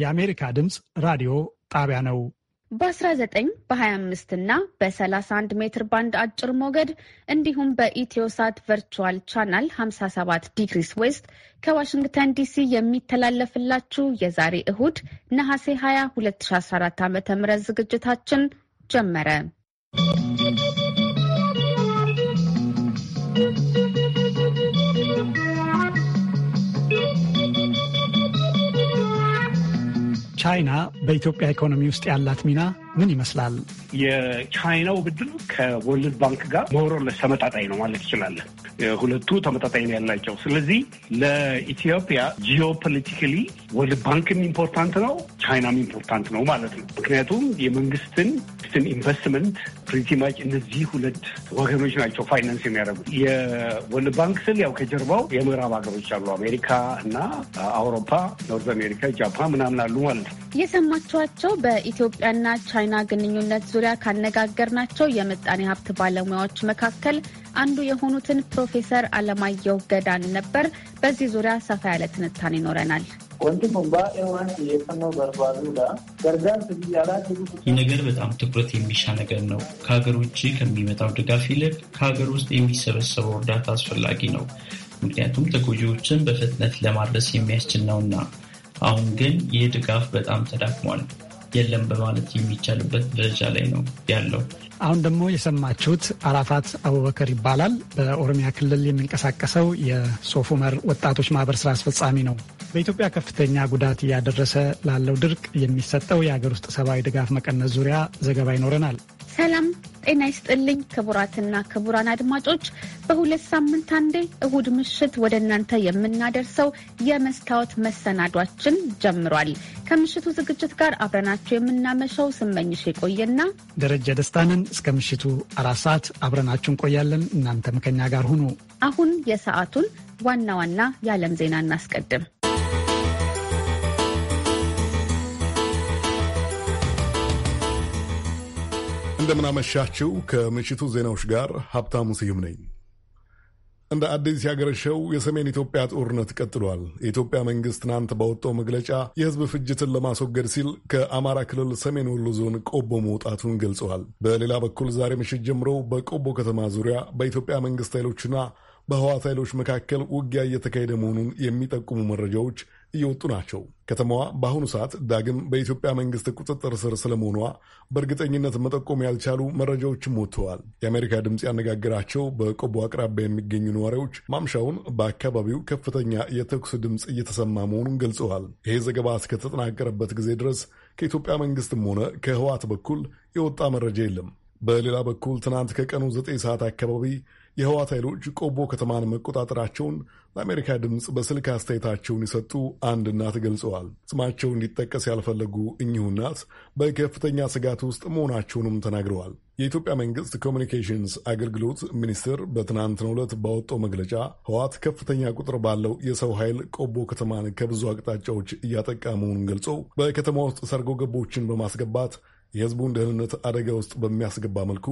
የአሜሪካ ድምፅ ራዲዮ ጣቢያ ነው። በ19 በ25 እና በ31 ሜትር ባንድ አጭር ሞገድ እንዲሁም በኢትዮሳት ቨርቹዋል ቻናል 57 ዲግሪስ ዌስት ከዋሽንግተን ዲሲ የሚተላለፍላችሁ የዛሬ እሁድ ነሐሴ 20 2014 ዓ ም ዝግጅታችን ጀመረ። ቻይና በኢትዮጵያ ኢኮኖሚ ውስጥ ያላት ሚና ምን ይመስላል? የቻይናው ብድር ከወርልድ ባንክ ጋር መሮለስ ተመጣጣኝ ነው ማለት ይችላለን። ሁለቱ ተመጣጣኝ ነው ያላቸው። ስለዚህ ለኢትዮጵያ ጂኦፖለቲካሊ ወርልድ ባንክም ኢምፖርታንት ነው፣ ቻይናም ኢምፖርታንት ነው ማለት ነው። ምክንያቱም የመንግስትን ኢንቨስትመንት ፕሪቲማች እነዚህ ሁለት ወገኖች ናቸው ፋይናንስ የሚያደርጉት። የወርልድ ባንክ ስል ያው ከጀርባው የምዕራብ ሀገሮች አሉ፣ አሜሪካ እና አውሮፓ፣ ኖርዝ አሜሪካ፣ ጃፓን ምናምን አሉ ማለት ነው። የሰማችኋቸው በኢትዮጵያና ቻይና ግንኙነት ዙሪያ ካነጋገርናቸው የምጣኔ ሀብት ባለሙያዎች መካከል አንዱ የሆኑትን ፕሮፌሰር አለማየሁ ገዳን ነበር። በዚህ ዙሪያ ሰፋ ያለ ትንታኔ ይኖረናል። ይህ ነገር በጣም ትኩረት የሚሻ ነገር ነው። ከሀገር ውጭ ከሚመጣው ድጋፍ ይልቅ ከሀገር ውስጥ የሚሰበሰበው እርዳታ አስፈላጊ ነው። ምክንያቱም ተጎጂዎችን በፍጥነት ለማድረስ የሚያስችል ነውና አሁን ግን ይህ ድጋፍ በጣም ተዳክሟል። የለም በማለት የሚቻልበት ደረጃ ላይ ነው ያለው። አሁን ደግሞ የሰማችሁት አራፋት አቡበከር ይባላል። በኦሮሚያ ክልል የሚንቀሳቀሰው የሶፍ መር ወጣቶች ማህበር ስራ አስፈጻሚ ነው። በኢትዮጵያ ከፍተኛ ጉዳት እያደረሰ ላለው ድርቅ የሚሰጠው የሀገር ውስጥ ሰብአዊ ድጋፍ መቀነስ ዙሪያ ዘገባ ይኖረናል። ሰላም ጤና ይስጥልኝ ክቡራትና ክቡራን አድማጮች በሁለት ሳምንት አንዴ እሁድ ምሽት ወደ እናንተ የምናደርሰው የመስታወት መሰናዷችን ጀምሯል። ከምሽቱ ዝግጅት ጋር አብረናችሁ የምናመሸው ስመኝሽ የቆየና ደረጀ ደስታንን እስከ ምሽቱ አራት ሰዓት አብረናችሁ እንቆያለን። እናንተም ከኛ ጋር ሁኑ። አሁን የሰዓቱን ዋና ዋና የዓለም ዜና እናስቀድም። እንደምናመሻችው ከምሽቱ ዜናዎች ጋር ሀብታሙ ስዩም ነኝ። እንደ አዲስ ያገረሸው የሰሜን ኢትዮጵያ ጦርነት ቀጥሏል። የኢትዮጵያ መንግስት ትናንት ባወጣው መግለጫ የህዝብ ፍጅትን ለማስወገድ ሲል ከአማራ ክልል ሰሜን ወሎ ዞን ቆቦ መውጣቱን ገልጸዋል። በሌላ በኩል ዛሬ ምሽት ጀምሮ በቆቦ ከተማ ዙሪያ በኢትዮጵያ መንግስት ኃይሎችና በህዋት ኃይሎች መካከል ውጊያ እየተካሄደ መሆኑን የሚጠቁሙ መረጃዎች እየወጡ ናቸው። ከተማዋ በአሁኑ ሰዓት ዳግም በኢትዮጵያ መንግስት ቁጥጥር ስር ስለመሆኗ በእርግጠኝነት መጠቆም ያልቻሉ መረጃዎችም ወጥተዋል። የአሜሪካ ድምፅ ያነጋገራቸው በቆቦ አቅራቢያ የሚገኙ ነዋሪዎች ማምሻውን በአካባቢው ከፍተኛ የተኩስ ድምፅ እየተሰማ መሆኑን ገልጸዋል። ይሄ ዘገባ እስከተጠናቀረበት ጊዜ ድረስ ከኢትዮጵያ መንግስትም ሆነ ከህዋት በኩል የወጣ መረጃ የለም። በሌላ በኩል ትናንት ከቀኑ ዘጠኝ ሰዓት አካባቢ የህዋት ኃይሎች ቆቦ ከተማን መቆጣጠራቸውን ለአሜሪካ ድምፅ በስልክ አስተያየታቸውን የሰጡ አንድ እናት ገልጸዋል። ስማቸው እንዲጠቀስ ያልፈለጉ እኚሁ እናት በከፍተኛ ስጋት ውስጥ መሆናቸውንም ተናግረዋል። የኢትዮጵያ መንግስት ኮሚኒኬሽንስ አገልግሎት ሚኒስቴር በትናንትናው ዕለት ባወጣው መግለጫ ህዋት ከፍተኛ ቁጥር ባለው የሰው ኃይል ቆቦ ከተማን ከብዙ አቅጣጫዎች እያጠቃ መሆኑን ገልጾ በከተማ ውስጥ ሰርጎ ገቦችን በማስገባት የህዝቡን ደህንነት አደጋ ውስጥ በሚያስገባ መልኩ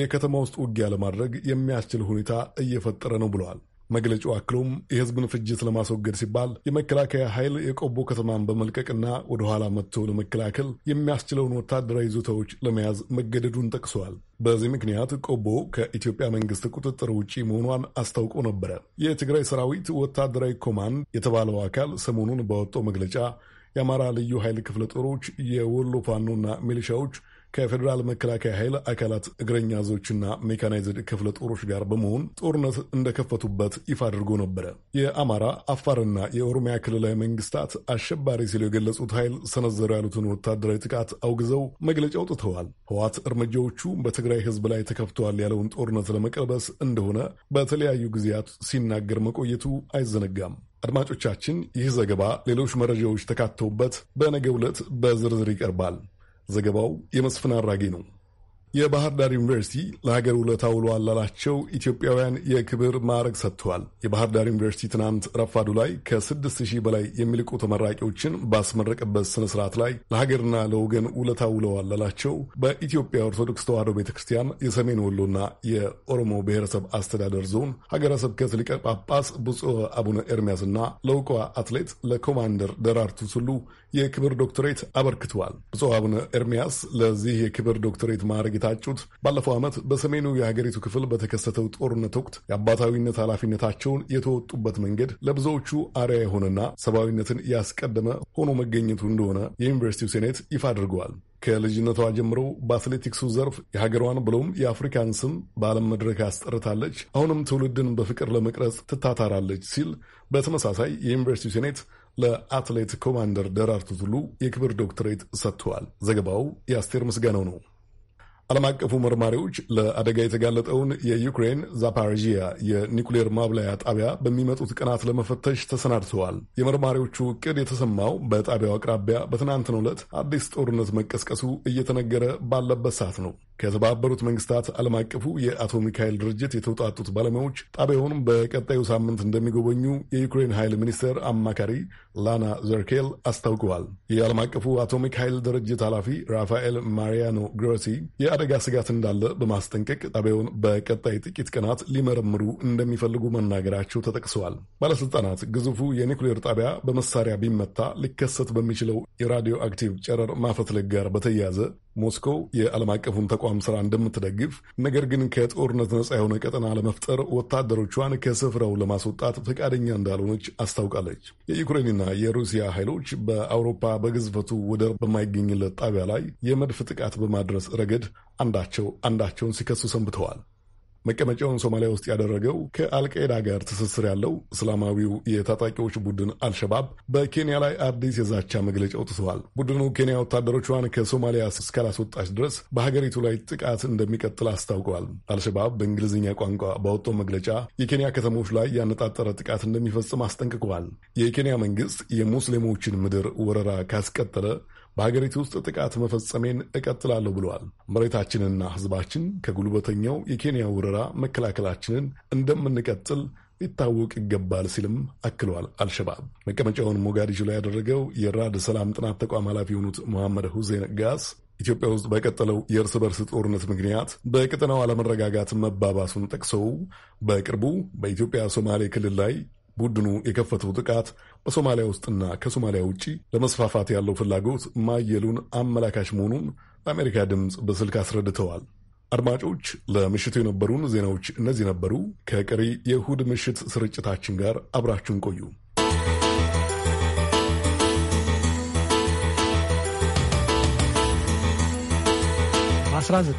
የከተማ ውስጥ ውጊያ ለማድረግ የሚያስችል ሁኔታ እየፈጠረ ነው ብለዋል። መግለጫው አክሎም የሕዝብን ፍጅት ለማስወገድ ሲባል የመከላከያ ኃይል የቆቦ ከተማን በመልቀቅና ወደኋላ መጥቶ ለመከላከል የሚያስችለውን ወታደራዊ ይዞታዎች ለመያዝ መገደዱን ጠቅሰዋል። በዚህ ምክንያት ቆቦ ከኢትዮጵያ መንግስት ቁጥጥር ውጪ መሆኗን አስታውቆ ነበረ። የትግራይ ሰራዊት ወታደራዊ ኮማንድ የተባለው አካል ሰሞኑን ባወጣው መግለጫ የአማራ ልዩ ኃይል ክፍለ ጦሮች፣ የወሎ ፋኖና ሚሊሻዎች ከፌዴራል መከላከያ ኃይል አካላት እግረኛ ዞችና ሜካናይዝድ ክፍለ ጦሮች ጋር በመሆን ጦርነት እንደከፈቱበት ይፋ አድርጎ ነበረ። የአማራ አፋርና የኦሮሚያ ክልላዊ መንግስታት አሸባሪ ሲሉ የገለጹት ኃይል ሰነዘሩ ያሉትን ወታደራዊ ጥቃት አውግዘው መግለጫ አውጥተዋል። ህዋት እርምጃዎቹ በትግራይ ህዝብ ላይ ተከፍተዋል ያለውን ጦርነት ለመቀልበስ እንደሆነ በተለያዩ ጊዜያት ሲናገር መቆየቱ አይዘነጋም። አድማጮቻችን፣ ይህ ዘገባ ሌሎች መረጃዎች ተካተውበት በነገ ዕለት በዝርዝር ይቀርባል። ዘገባው የመስፍን አራጌ ነው። የባህር ዳር ዩኒቨርሲቲ ለሀገር ውለታ ውለዋል ላላቸው ኢትዮጵያውያን የክብር ማዕረግ ሰጥተዋል። የባህር ዳር ዩኒቨርሲቲ ትናንት ረፋዱ ላይ ከ6000 በላይ የሚልቁ ተመራቂዎችን ባስመረቀበት ስነ ስርዓት ላይ ለሀገርና ለወገን ውለታ ውለዋል ላላቸው በኢትዮጵያ ኦርቶዶክስ ተዋሕዶ ቤተ ክርስቲያን የሰሜን ወሎና የኦሮሞ ብሔረሰብ አስተዳደር ዞን ሀገረ ስብከት ሊቀ ጳጳስ ብፁዕ አቡነ ኤርሚያስና ለውቋ አትሌት ለኮማንደር ደራርቱ ቱሉ የክብር ዶክትሬት አበርክተዋል። ብፁዕ አቡነ ኤርሚያስ ለዚህ የክብር ዶክትሬት ማዕረግ የታጩት ባለፈው ዓመት በሰሜኑ የሀገሪቱ ክፍል በተከሰተው ጦርነት ወቅት የአባታዊነት ኃላፊነታቸውን የተወጡበት መንገድ ለብዙዎቹ አርያ የሆነና ሰብአዊነትን ያስቀደመ ሆኖ መገኘቱ እንደሆነ የዩኒቨርሲቲው ሴኔት ይፋ አድርገዋል። ከልጅነቷ ጀምሮ በአትሌቲክሱ ዘርፍ የሀገሯን ብሎም የአፍሪካን ስም በዓለም መድረክ አስጠርታለች። አሁንም ትውልድን በፍቅር ለመቅረጽ ትታታራለች ሲል በተመሳሳይ የዩኒቨርሲቲው ሴኔት ለአትሌት ኮማንደር ደራርቱ ቱሉ የክብር ዶክትሬት ሰጥተዋል። ዘገባው የአስቴር ምስጋናው ነው። ዓለም አቀፉ መርማሪዎች ለአደጋ የተጋለጠውን የዩክሬን ዛፓርዥያ የኒኩሌር ማብላያ ጣቢያ በሚመጡት ቀናት ለመፈተሽ ተሰናድተዋል። የመርማሪዎቹ ዕቅድ የተሰማው በጣቢያው አቅራቢያ በትናንትናው ዕለት አዲስ ጦርነት መቀስቀሱ እየተነገረ ባለበት ሰዓት ነው። ከተባበሩት መንግስታት ዓለም አቀፉ የአቶ ሚካኤል ድርጅት የተውጣጡት ባለሙያዎች ጣቢያውንም በቀጣዩ ሳምንት እንደሚጎበኙ የዩክሬን ኃይል ሚኒስቴር አማካሪ ላና ዘርኬል አስታውቀዋል። የዓለም አቀፉ አቶ ሚካኤል ድርጅት ኃላፊ ራፋኤል ማሪያኖ ግሮሲ የአደጋ ስጋት እንዳለ በማስጠንቀቅ ጣቢያውን በቀጣይ ጥቂት ቀናት ሊመረምሩ እንደሚፈልጉ መናገራቸው ተጠቅሰዋል። ባለሥልጣናት ግዙፉ የኒውክሌር ጣቢያ በመሳሪያ ቢመታ ሊከሰት በሚችለው የራዲዮ አክቲቭ ጨረር ማፈትለግ ጋር በተያያዘ ሞስኮ የዓለም አቀፉን ተቋም ስራ እንደምትደግፍ ነገር ግን ከጦርነት ነጻ የሆነ ቀጠና ለመፍጠር ወታደሮቿን ከስፍራው ለማስወጣት ፈቃደኛ እንዳልሆነች አስታውቃለች። የዩክሬንና የሩሲያ ኃይሎች በአውሮፓ በግዝፈቱ ወደር በማይገኝለት ጣቢያ ላይ የመድፍ ጥቃት በማድረስ ረገድ አንዳቸው አንዳቸውን ሲከሱ ሰንብተዋል። መቀመጫውን ሶማሊያ ውስጥ ያደረገው ከአልቃይዳ ጋር ትስስር ያለው እስላማዊው የታጣቂዎች ቡድን አልሸባብ በኬንያ ላይ አዲስ የዛቻ መግለጫ አውጥተዋል። ቡድኑ ኬንያ ወታደሮቿን ከሶማሊያ እስካላስወጣች ድረስ በሀገሪቱ ላይ ጥቃት እንደሚቀጥል አስታውቀዋል። አልሸባብ በእንግሊዝኛ ቋንቋ ባወጣው መግለጫ የኬንያ ከተሞች ላይ ያነጣጠረ ጥቃት እንደሚፈጽም አስጠንቅቀዋል። የኬንያ መንግስት የሙስሊሞችን ምድር ወረራ ካስቀጠለ በሀገሪቱ ውስጥ ጥቃት መፈጸሜን እቀጥላለሁ ብለዋል። መሬታችንና ህዝባችን ከጉልበተኛው የኬንያ ወረራ መከላከላችንን እንደምንቀጥል ሊታወቅ ይገባል ሲልም አክለዋል። አልሸባብ መቀመጫውን ሞጋዲሾ ላይ ያደረገው የራድ ሰላም ጥናት ተቋም ኃላፊ የሆኑት መሐመድ ሁሴን ጋስ ኢትዮጵያ ውስጥ በቀጠለው የእርስ በርስ ጦርነት ምክንያት በቀጠናው አለመረጋጋት መባባሱን ጠቅሰው በቅርቡ በኢትዮጵያ ሶማሌ ክልል ላይ ቡድኑ የከፈተው ጥቃት በሶማሊያ ውስጥና ከሶማሊያ ውጪ ለመስፋፋት ያለው ፍላጎት ማየሉን አመላካች መሆኑን ለአሜሪካ ድምፅ በስልክ አስረድተዋል። አድማጮች፣ ለምሽቱ የነበሩን ዜናዎች እነዚህ ነበሩ። ከቀሪ የእሁድ ምሽት ስርጭታችን ጋር አብራችሁን ቆዩ። በ19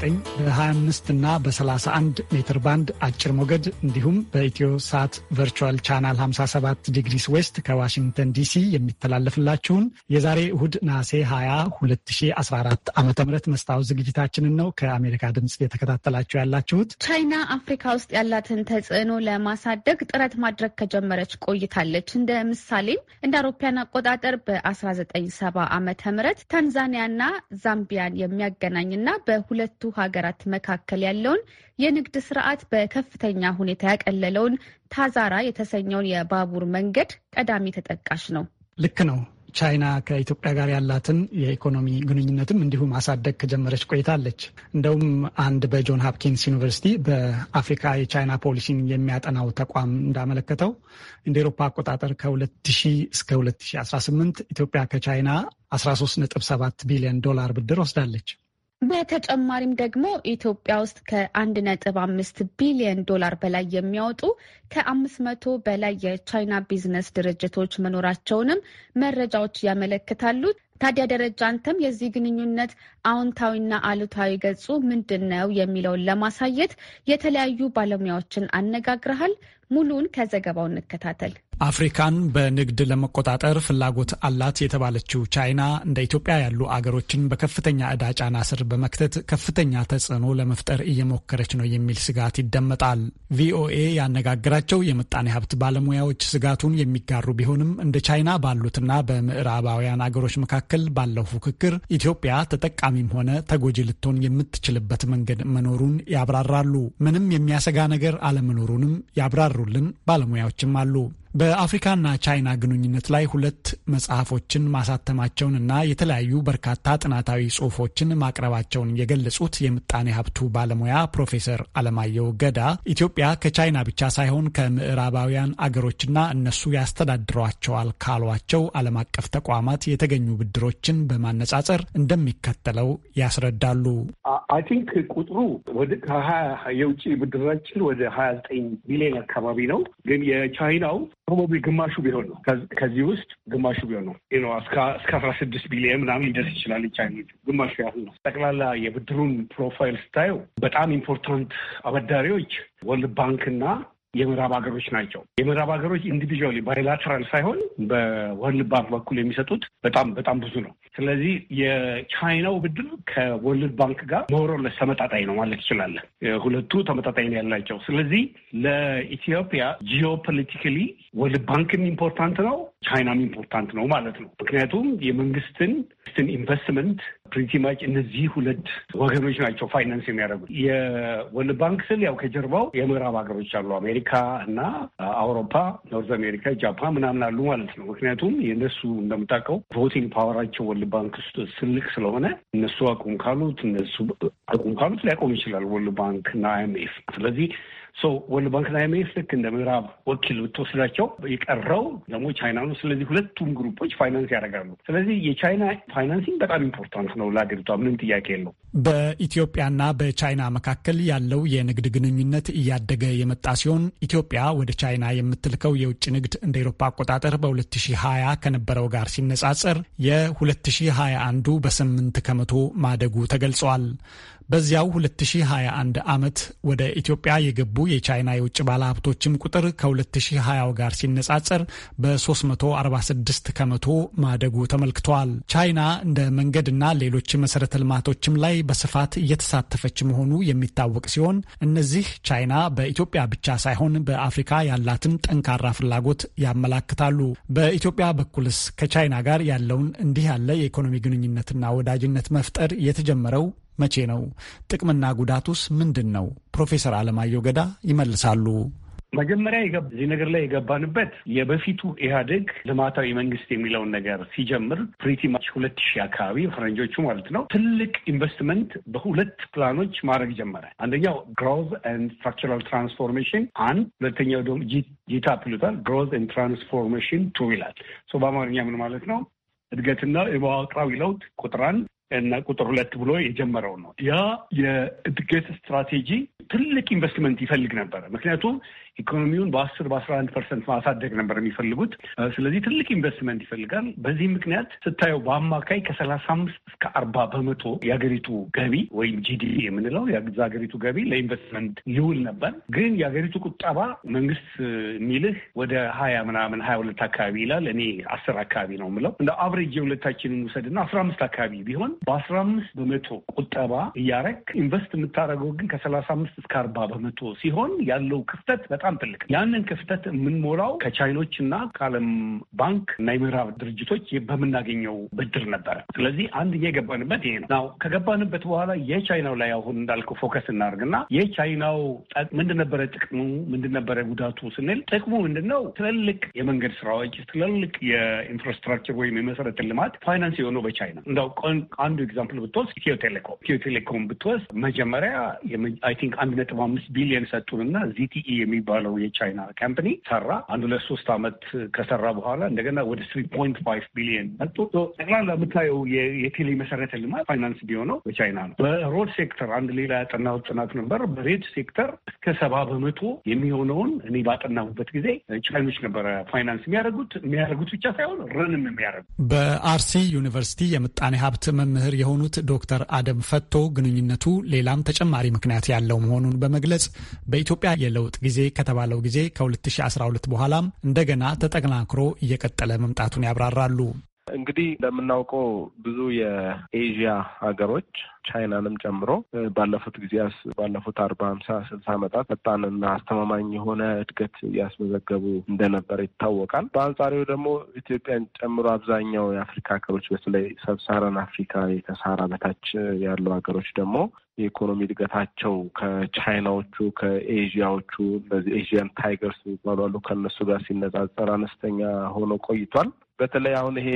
በ25 እና በ31 ሜትር ባንድ አጭር ሞገድ እንዲሁም በኢትዮ ሳት ቨርቹዋል ቻናል 57 ዲግሪስ ዌስት ከዋሽንግተን ዲሲ የሚተላለፍላችሁን የዛሬ እሁድ ነሐሴ 20 2014 ዓ ም መስታወት ዝግጅታችንን ነው ከአሜሪካ ድምፅ የተከታተላችሁ ያላችሁት። ቻይና አፍሪካ ውስጥ ያላትን ተጽዕኖ ለማሳደግ ጥረት ማድረግ ከጀመረች ቆይታለች። እንደ ምሳሌም እንደ አውሮፓውያን አቆጣጠር በ1970 ዓ ም ታንዛኒያና ዛምቢያን የሚያገናኝና በ በሁለቱ ሀገራት መካከል ያለውን የንግድ ስርዓት በከፍተኛ ሁኔታ ያቀለለውን ታዛራ የተሰኘውን የባቡር መንገድ ቀዳሚ ተጠቃሽ ነው። ልክ ነው። ቻይና ከኢትዮጵያ ጋር ያላትን የኢኮኖሚ ግንኙነትም እንዲሁ ማሳደግ ከጀመረች ቆይታለች። እንደውም አንድ በጆን ሀፕኪንስ ዩኒቨርሲቲ በአፍሪካ የቻይና ፖሊሲን የሚያጠናው ተቋም እንዳመለከተው እንደ ኤሮፓ አቆጣጠር ከ2000 እስከ 2018 ኢትዮጵያ ከቻይና 13.7 ቢሊዮን ዶላር ብድር ወስዳለች። በተጨማሪም ደግሞ ኢትዮጵያ ውስጥ ከአንድ ነጥብ አምስት ቢሊዮን ዶላር በላይ የሚያወጡ ከአምስት መቶ በላይ የቻይና ቢዝነስ ድርጅቶች መኖራቸውንም መረጃዎች ያመለክታሉ። ታዲያ ደረጃ አንተም የዚህ ግንኙነት አዎንታዊና አሉታዊ ገጹ ምንድን ነው የሚለውን ለማሳየት የተለያዩ ባለሙያዎችን አነጋግረሃል። ሙሉውን ከዘገባው እንከታተል። አፍሪካን በንግድ ለመቆጣጠር ፍላጎት አላት የተባለችው ቻይና እንደ ኢትዮጵያ ያሉ አገሮችን በከፍተኛ ዕዳ ጫና ስር በመክተት ከፍተኛ ተጽዕኖ ለመፍጠር እየሞከረች ነው የሚል ስጋት ይደመጣል። ቪኦኤ ያነጋገራቸው የምጣኔ ሀብት ባለሙያዎች ስጋቱን የሚጋሩ ቢሆንም እንደ ቻይና ባሉትና በምዕራባውያን አገሮች መካከል ባለው ፉክክር ኢትዮጵያ ተጠቃሚም ሆነ ተጎጂ ልትሆን የምትችልበት መንገድ መኖሩን ያብራራሉ። ምንም የሚያሰጋ ነገር አለመኖሩንም ያብራሩልን ባለሙያዎችም አሉ። በአፍሪካና ቻይና ግንኙነት ላይ ሁለት መጽሐፎችን ማሳተማቸውን እና የተለያዩ በርካታ ጥናታዊ ጽሁፎችን ማቅረባቸውን የገለጹት የምጣኔ ሀብቱ ባለሙያ ፕሮፌሰር አለማየሁ ገዳ ኢትዮጵያ ከቻይና ብቻ ሳይሆን ከምዕራባውያን አገሮችና እነሱ ያስተዳድሯቸዋል ካሏቸው ዓለም አቀፍ ተቋማት የተገኙ ብድሮችን በማነጻጸር እንደሚከተለው ያስረዳሉ። አይ ቲንክ ቁጥሩ ወደ ከሀያ የውጭ ብድራችን ወደ ሀያ ዘጠኝ ቢሊዮን አካባቢ ነው። ግን የቻይናው ፕሮባብሊ ግማሹ ቢሆን ነው። ከዚህ ውስጥ ግማሹ ቢሆን ነው ነው እስከ አስራ ስድስት ቢሊየን ምናምን ሊደርስ ይችላል። ቻይኖቹ ግማሹ ያህል ነው። ጠቅላላ የብድሩን ፕሮፋይል ስታየው በጣም ኢምፖርታንት አበዳሪዎች ወርልድ ባንክ እና የምዕራብ ሀገሮች ናቸው። የምዕራብ ሀገሮች ኢንዲቪዥዋሊ ባይላተራል ሳይሆን በወርልድ ባንክ በኩል የሚሰጡት በጣም በጣም ብዙ ነው። ስለዚህ የቻይናው ብድር ከወርልድ ባንክ ጋር ሞሮለስ ተመጣጣኝ ነው ማለት ይችላለን። ሁለቱ ተመጣጣኝ ነው ያላቸው። ስለዚህ ለኢትዮጵያ ጂኦፖለቲካሊ ወርልድ ባንክም ኢምፖርታንት ነው፣ ቻይናም ኢምፖርታንት ነው ማለት ነው። ምክንያቱም የመንግስትን ኢንቨስትመንት ፕሪቲማች እነዚህ ሁለት ወገኖች ናቸው ፋይናንስ የሚያደርጉት። የወርልድ ባንክ ስል ያው ከጀርባው የምዕራብ ሀገሮች አሉ፣ አሜሪካ እና አውሮፓ፣ ኖርዝ አሜሪካ፣ ጃፓን ምናምን አሉ ማለት ነው። ምክንያቱም የእነሱ እንደምታውቀው ቮቲንግ ፓወራቸው ወርልድ ባንክ ውስጥ ትልቅ ስለሆነ እነሱ አቁም ካሉት እነሱ አቁም ካሉት ሊያቆም ይችላል ወርልድ ባንክ እና አይኤምኤፍ ስለዚህ ወርልድ ባንክ ላይ አይኤምኤፍ ልክ እንደ ምዕራብ ወኪል ብትወስዳቸው የቀረው ደግሞ ቻይና ነው። ስለዚህ ሁለቱም ግሩፖች ፋይናንስ ያደርጋሉ። ስለዚህ የቻይና ፋይናንሲንግ በጣም ኢምፖርታንት ነው ለሀገሪቷ፣ ምንም ጥያቄ የለው። በኢትዮጵያና በቻይና መካከል ያለው የንግድ ግንኙነት እያደገ የመጣ ሲሆን ኢትዮጵያ ወደ ቻይና የምትልከው የውጭ ንግድ እንደ ኤሮፓ አቆጣጠር በ2020 ከነበረው ጋር ሲነጻጸር የ2021ዱ በ8 ከመቶ ማደጉ ተገልጿል። በዚያው 2021 ዓመት ወደ ኢትዮጵያ የገቡ የቻይና የውጭ ባለሀብቶችም ቁጥር ከ2020 ጋር ሲነጻጸር በ346 ከመቶ ማደጉ ተመልክተዋል። ቻይና እንደ መንገድና ሌሎች መሰረተ ልማቶችም ላይ በስፋት እየተሳተፈች መሆኑ የሚታወቅ ሲሆን እነዚህ ቻይና በኢትዮጵያ ብቻ ሳይሆን በአፍሪካ ያላትን ጠንካራ ፍላጎት ያመላክታሉ። በኢትዮጵያ በኩልስ ከቻይና ጋር ያለውን እንዲህ ያለ የኢኮኖሚ ግንኙነትና ወዳጅነት መፍጠር የተጀመረው መቼ ነው? ጥቅምና ጉዳቱስ ምንድን ነው? ፕሮፌሰር አለማየሁ ገዳ ይመልሳሉ። መጀመሪያ እዚህ ነገር ላይ የገባንበት የበፊቱ ኢህአዴግ ልማታዊ መንግስት የሚለውን ነገር ሲጀምር ፕሪቲማች ሁለት ሺህ አካባቢ ፈረንጆቹ ማለት ነው ትልቅ ኢንቨስትመንት በሁለት ፕላኖች ማድረግ ጀመረ። አንደኛው ግሮዝ ኤንድ ስትራክቸራል ትራንስፎርሜሽን አንድ፣ ሁለተኛው ደግሞ ጂታ ይሉታል ግሮዝ ኤንድ ትራንስፎርሜሽን ቱ ይላል። በአማርኛ ምን ማለት ነው? እድገትና የመዋቅራዊ ለውጥ ቁጥራን እና ቁጥር ሁለት ብሎ የጀመረው ነው። ያ የእድገት ስትራቴጂ ትልቅ ኢንቨስትመንት ይፈልግ ነበረ። ምክንያቱም ኢኮኖሚውን በአስር በአስራ አንድ ፐርሰንት ማሳደግ ነበር የሚፈልጉት። ስለዚህ ትልቅ ኢንቨስትመንት ይፈልጋል። በዚህ ምክንያት ስታየው በአማካይ ከሰላሳ አምስት እስከ አርባ በመቶ የሀገሪቱ ገቢ ወይም ጂዲፒ የምንለው የዛ ሀገሪቱ ገቢ ለኢንቨስትመንት ይውል ነበር። ግን የሀገሪቱ ቁጠባ መንግስት የሚልህ ወደ ሀያ ምናምን ሀያ ሁለት አካባቢ ይላል። እኔ አስር አካባቢ ነው የምለው። እንደ አብሬጅ የሁለታችንን ውሰድና አስራ አምስት አካባቢ ቢሆን በአስራ አምስት በመቶ ቁጠባ እያረግ ኢንቨስት የምታደርገው ግን ከሰላሳ አምስት እስከ አርባ በመቶ ሲሆን ያለው ክፍተት በጣም በጣም ትልቅ ያንን ክፍተት የምንሞላው ከቻይኖች እና ከዓለም ባንክ እና የምዕራብ ድርጅቶች በምናገኘው ብድር ነበረ። ስለዚህ አንድ የገባንበት ይሄ ነው ከገባንበት በኋላ የቻይናው ላይ አሁን እንዳልከው ፎከስ እናደርግና የቻይናው ምንድነበረ ጥቅሙ ምንድነበረ ጉዳቱ ስንል ጥቅሙ ምንድነው? ትልልቅ የመንገድ ስራዎች፣ ትልልቅ የኢንፍራስትራክቸር ወይም የመሰረተ ልማት ፋይናንስ የሆነው በቻይና እንደው አንዱ ኤግዛምፕል ብትወስድ ኢትዮ ቴሌኮም ኢትዮ ቴሌኮም ብትወስድ መጀመሪያ አይ ቲንክ አንድ ነጥብ አምስት ቢሊዮን ሰጡንና ዚቲኢ የሚባ የተባለው የቻይና ካምፕኒ ሰራ። አንድ ሁለት ሶስት ከሰራ በኋላ እንደገና ወደ ስሪ ፖይንት ፋይቭ ቢሊየን መጡ። ጠቅላላ የምታየው የቴሌ መሰረተ ልማት ፋይናንስ ቢሆነው በቻይና ነው። በሮድ ሴክተር አንድ ሌላ ያጠናው ጥናት ነበር። በሬድ ሴክተር እስከ ሰባ በመቶ የሚሆነውን እኔ ባጠናሁበት ጊዜ ቻይኖች ነበረ ፋይናንስ የሚያደርጉት የሚያደርጉት ብቻ ሳይሆን ረንም የሚያደርጉት። በአርሲ ዩኒቨርሲቲ የምጣኔ ሀብት መምህር የሆኑት ዶክተር አደም ፈቶ ግንኙነቱ ሌላም ተጨማሪ ምክንያት ያለው መሆኑን በመግለጽ በኢትዮጵያ የለውጥ ጊዜ ከተባለው ጊዜ ከ2012 በኋላም እንደገና ተጠናክሮ እየቀጠለ መምጣቱን ያብራራሉ። እንግዲህ እንደምናውቀው ብዙ የኤዥያ ሀገሮች ቻይናንም ጨምሮ ባለፉት ጊዜያት ባለፉት አርባ ሀምሳ ስልሳ ዓመታት ፈጣንና አስተማማኝ የሆነ እድገት እያስመዘገቡ እንደነበር ይታወቃል። በአንጻሪው ደግሞ ኢትዮጵያን ጨምሮ አብዛኛው የአፍሪካ ሀገሮች በተለይ ሰብሳራን አፍሪካ የተሳራ በታች ያሉ ሀገሮች ደግሞ የኢኮኖሚ እድገታቸው ከቻይናዎቹ ከኤዥያዎቹ እነዚህ ኤዥያን ታይገርስ ይባላሉ ከእነሱ ጋር ሲነጻጸር አነስተኛ ሆኖ ቆይቷል። በተለይ አሁን ይሄ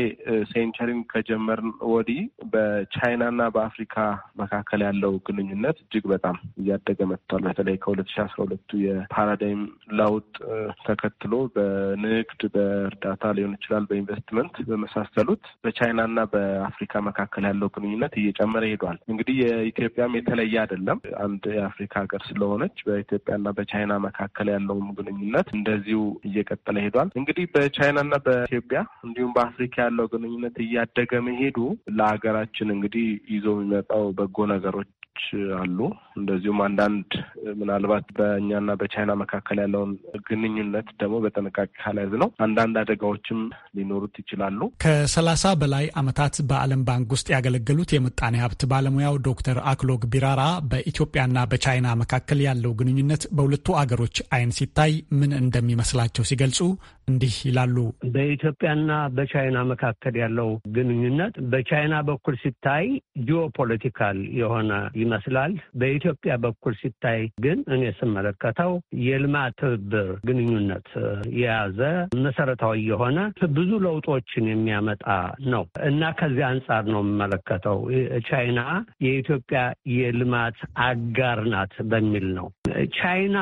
ሴንቸሪን ከጀመርን ወዲህ በቻይና ና በአፍሪካ መካከል ያለው ግንኙነት እጅግ በጣም እያደገ መጥቷል። በተለይ ከሁለት ሺ አስራ ሁለቱ የፓራዳይም ለውጥ ተከትሎ በንግድ በእርዳታ ሊሆን ይችላል፣ በኢንቨስትመንት በመሳሰሉት በቻይናና በአፍሪካ መካከል ያለው ግንኙነት እየጨመረ ሄዷል። እንግዲህ የኢትዮጵያም የተለየ አይደለም። አንድ የአፍሪካ ሀገር ስለሆነች በኢትዮጵያና በቻይና መካከል ያለውም ግንኙነት እንደዚሁ እየቀጠለ ሄዷል። እንግዲህ በቻይናና በኢትዮጵያ እንዲሁም በአፍሪካ ያለው ግንኙነት እያደገ መሄዱ ለሀገራችን እንግዲህ ይዞ የሚመጣው በጎ ነገሮች አሉ። እንደዚሁም አንዳንድ ምናልባት በእኛና በቻይና መካከል ያለውን ግንኙነት ደግሞ በጥንቃቄ ካልያዝ ነው አንዳንድ አደጋዎችም ሊኖሩት ይችላሉ። ከሰላሳ በላይ ዓመታት በዓለም ባንክ ውስጥ ያገለገሉት የምጣኔ ሀብት ባለሙያው ዶክተር አክሎግ ቢራራ በኢትዮጵያና በቻይና መካከል ያለው ግንኙነት በሁለቱ አገሮች አይን ሲታይ ምን እንደሚመስላቸው ሲገልጹ እንዲህ ይላሉ። በኢትዮጵያና በቻይና መካከል ያለው ግንኙነት በቻይና በኩል ሲታይ ጂኦፖለቲካል የሆነ ይመስላል። በኢትዮጵያ በኩል ሲታይ ግን እኔ ስመለከተው የልማት ትብብር ግንኙነት የያዘ መሰረታዊ የሆነ ብዙ ለውጦችን የሚያመጣ ነው እና ከዚህ አንጻር ነው የምመለከተው። ቻይና የኢትዮጵያ የልማት አጋር ናት በሚል ነው ቻይና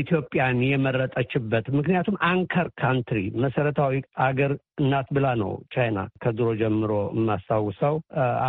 ኢትዮጵያን የመረጠችበት ምክንያቱም አንከር ካንትሪ መሰረታዊ አገር እናት ብላ ነው ቻይና ከድሮ ጀምሮ የማስታውሰው።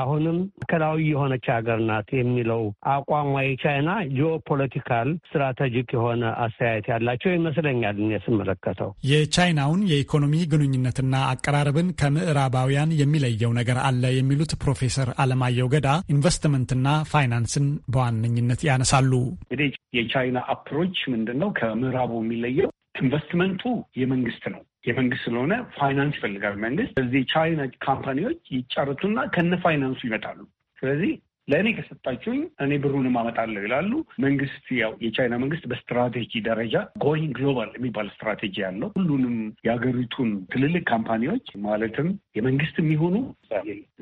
አሁንም ማዕከላዊ የሆነች ሀገር ናት የሚለው አቋሟ የቻይና ጂኦፖለቲካል ስትራቴጂክ የሆነ አስተያየት ያላቸው ይመስለኛል ስመለከተው። የቻይናውን የኢኮኖሚ ግንኙነትና አቀራረብን ከምዕራባውያን የሚለየው ነገር አለ የሚሉት ፕሮፌሰር አለማየሁ ገዳ ኢንቨስትመንትና ፋይናንስን በዋነኝነት ያነሳሉ። እንግዲህ የቻይና አፕሮች ምንድን ነው ከምዕራቡ የሚለየው? ኢንቨስትመንቱ የመንግስት ነው። የመንግስት ስለሆነ ፋይናንስ ይፈልጋል መንግስት። እዚህ ቻይና ካምፓኒዎች ይጫረቱና ከነ ፋይናንሱ ይመጣሉ። ስለዚህ ለእኔ ከሰጣችሁኝ እኔ ብሩንም አመጣለሁ ይላሉ። መንግስት ያው የቻይና መንግስት በስትራቴጂ ደረጃ ጎይንግ ግሎባል የሚባል ስትራቴጂ ያለው ሁሉንም የሀገሪቱን ትልልቅ ካምፓኒዎች ማለትም የመንግስት የሚሆኑ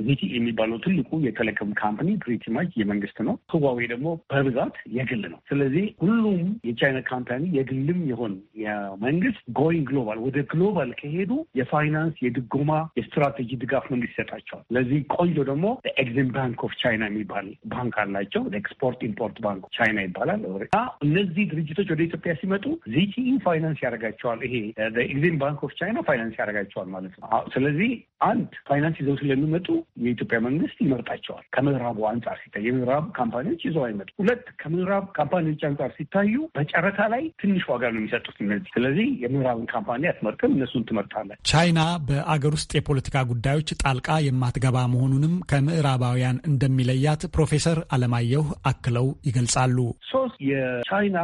ቪቲ የሚባለው ትልቁ የቴሌኮም ካምፓኒ ፕሪቲማች የመንግስት ነው። ህዋዌ ደግሞ በብዛት የግል ነው። ስለዚህ ሁሉም የቻይና ካምፓኒ የግልም ይሆን የመንግስት ጎይንግ ግሎባል ወደ ግሎባል ከሄዱ የፋይናንስ የድጎማ፣ የስትራቴጂ ድጋፍ መንግስት ይሰጣቸዋል። ለዚህ ቆንጆ ደግሞ ኤግዚም ባንክ ኦፍ ቻይና የሚ የሚባል ባንክ አላቸው። ኤክስፖርት ኢምፖርት ባንክ ቻይና ይባላል። እነዚህ ድርጅቶች ወደ ኢትዮጵያ ሲመጡ ዚቲኢ ፋይናንስ ያደርጋቸዋል። ይሄ ኤግዚም ባንክ ኦፍ ቻይና ፋይናንስ ያደርጋቸዋል ማለት ነው። ስለዚህ አንድ ፋይናንስ ይዘው ስለሚመጡ የኢትዮጵያ መንግስት ይመርጣቸዋል። ከምዕራቡ አንጻር ሲታይ የምዕራብ ካምፓኒዎች ይዘው አይመጡ። ሁለት ከምዕራብ ካምፓኒዎች አንጻር ሲታዩ በጨረታ ላይ ትንሽ ዋጋ ነው የሚሰጡት እነዚህ። ስለዚህ የምዕራብን ካምፓኒ አትመርጥም፣ እነሱን ትመርጣለን። ቻይና በአገር ውስጥ የፖለቲካ ጉዳዮች ጣልቃ የማትገባ መሆኑንም ከምዕራባውያን እንደሚለያ። መሆናት ፕሮፌሰር አለማየሁ አክለው ይገልጻሉ። ሶስት የቻይና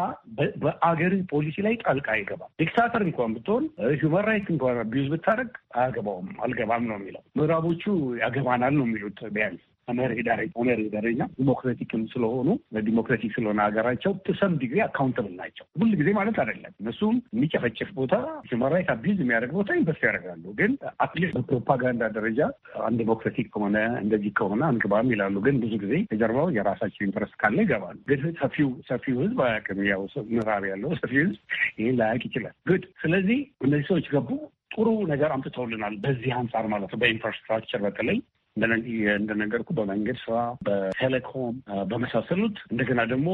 በአገር ፖሊሲ ላይ ጣልቃ አይገባም። ዲክታተር እንኳን ብትሆን ሁመን ራይት እንኳን አቢዩዝ ብታደርግ አያገባውም፣ አልገባም ነው የሚለው። ምዕራቦቹ ያገባናል ነው የሚሉት ቢያንስ መርህ መርህ ደረጃ ዲሞክራቲክም ስለሆኑ ዲሞክራቲክ ስለሆነ ሀገራቸው ትሰም ዲግሪ አካውንተብል ናቸው። ሁል ጊዜ ማለት አይደለም። እነሱም የሚጨፈጭፍ ቦታ ሂውማን ራይት አቢዝ የሚያደርግ ቦታ ኢንቨስት ያደርጋሉ። ግን አትሊስት በፕሮፓጋንዳ ደረጃ አንድ ዲሞክራቲክ ከሆነ እንደዚህ ከሆነ አንግባም ይላሉ። ግን ብዙ ጊዜ ከጀርባው የራሳቸው ኢንትረስት ካለ ይገባሉ። ግን ሰፊው ሰፊው ህዝብ አያውቅም። ያው ምዕራብ ያለው ሰፊው ህዝብ ይህን ላያውቅ ይችላል። ግድ ስለዚህ እነዚህ ሰዎች ገቡ ጥሩ ነገር አምጥተውልናል። በዚህ አንጻር ማለት ነው። በኢንፍራስትራክቸር በተለይ እንደነገርኩ በመንገድ ስራ፣ በቴሌኮም በመሳሰሉት እንደገና ደግሞ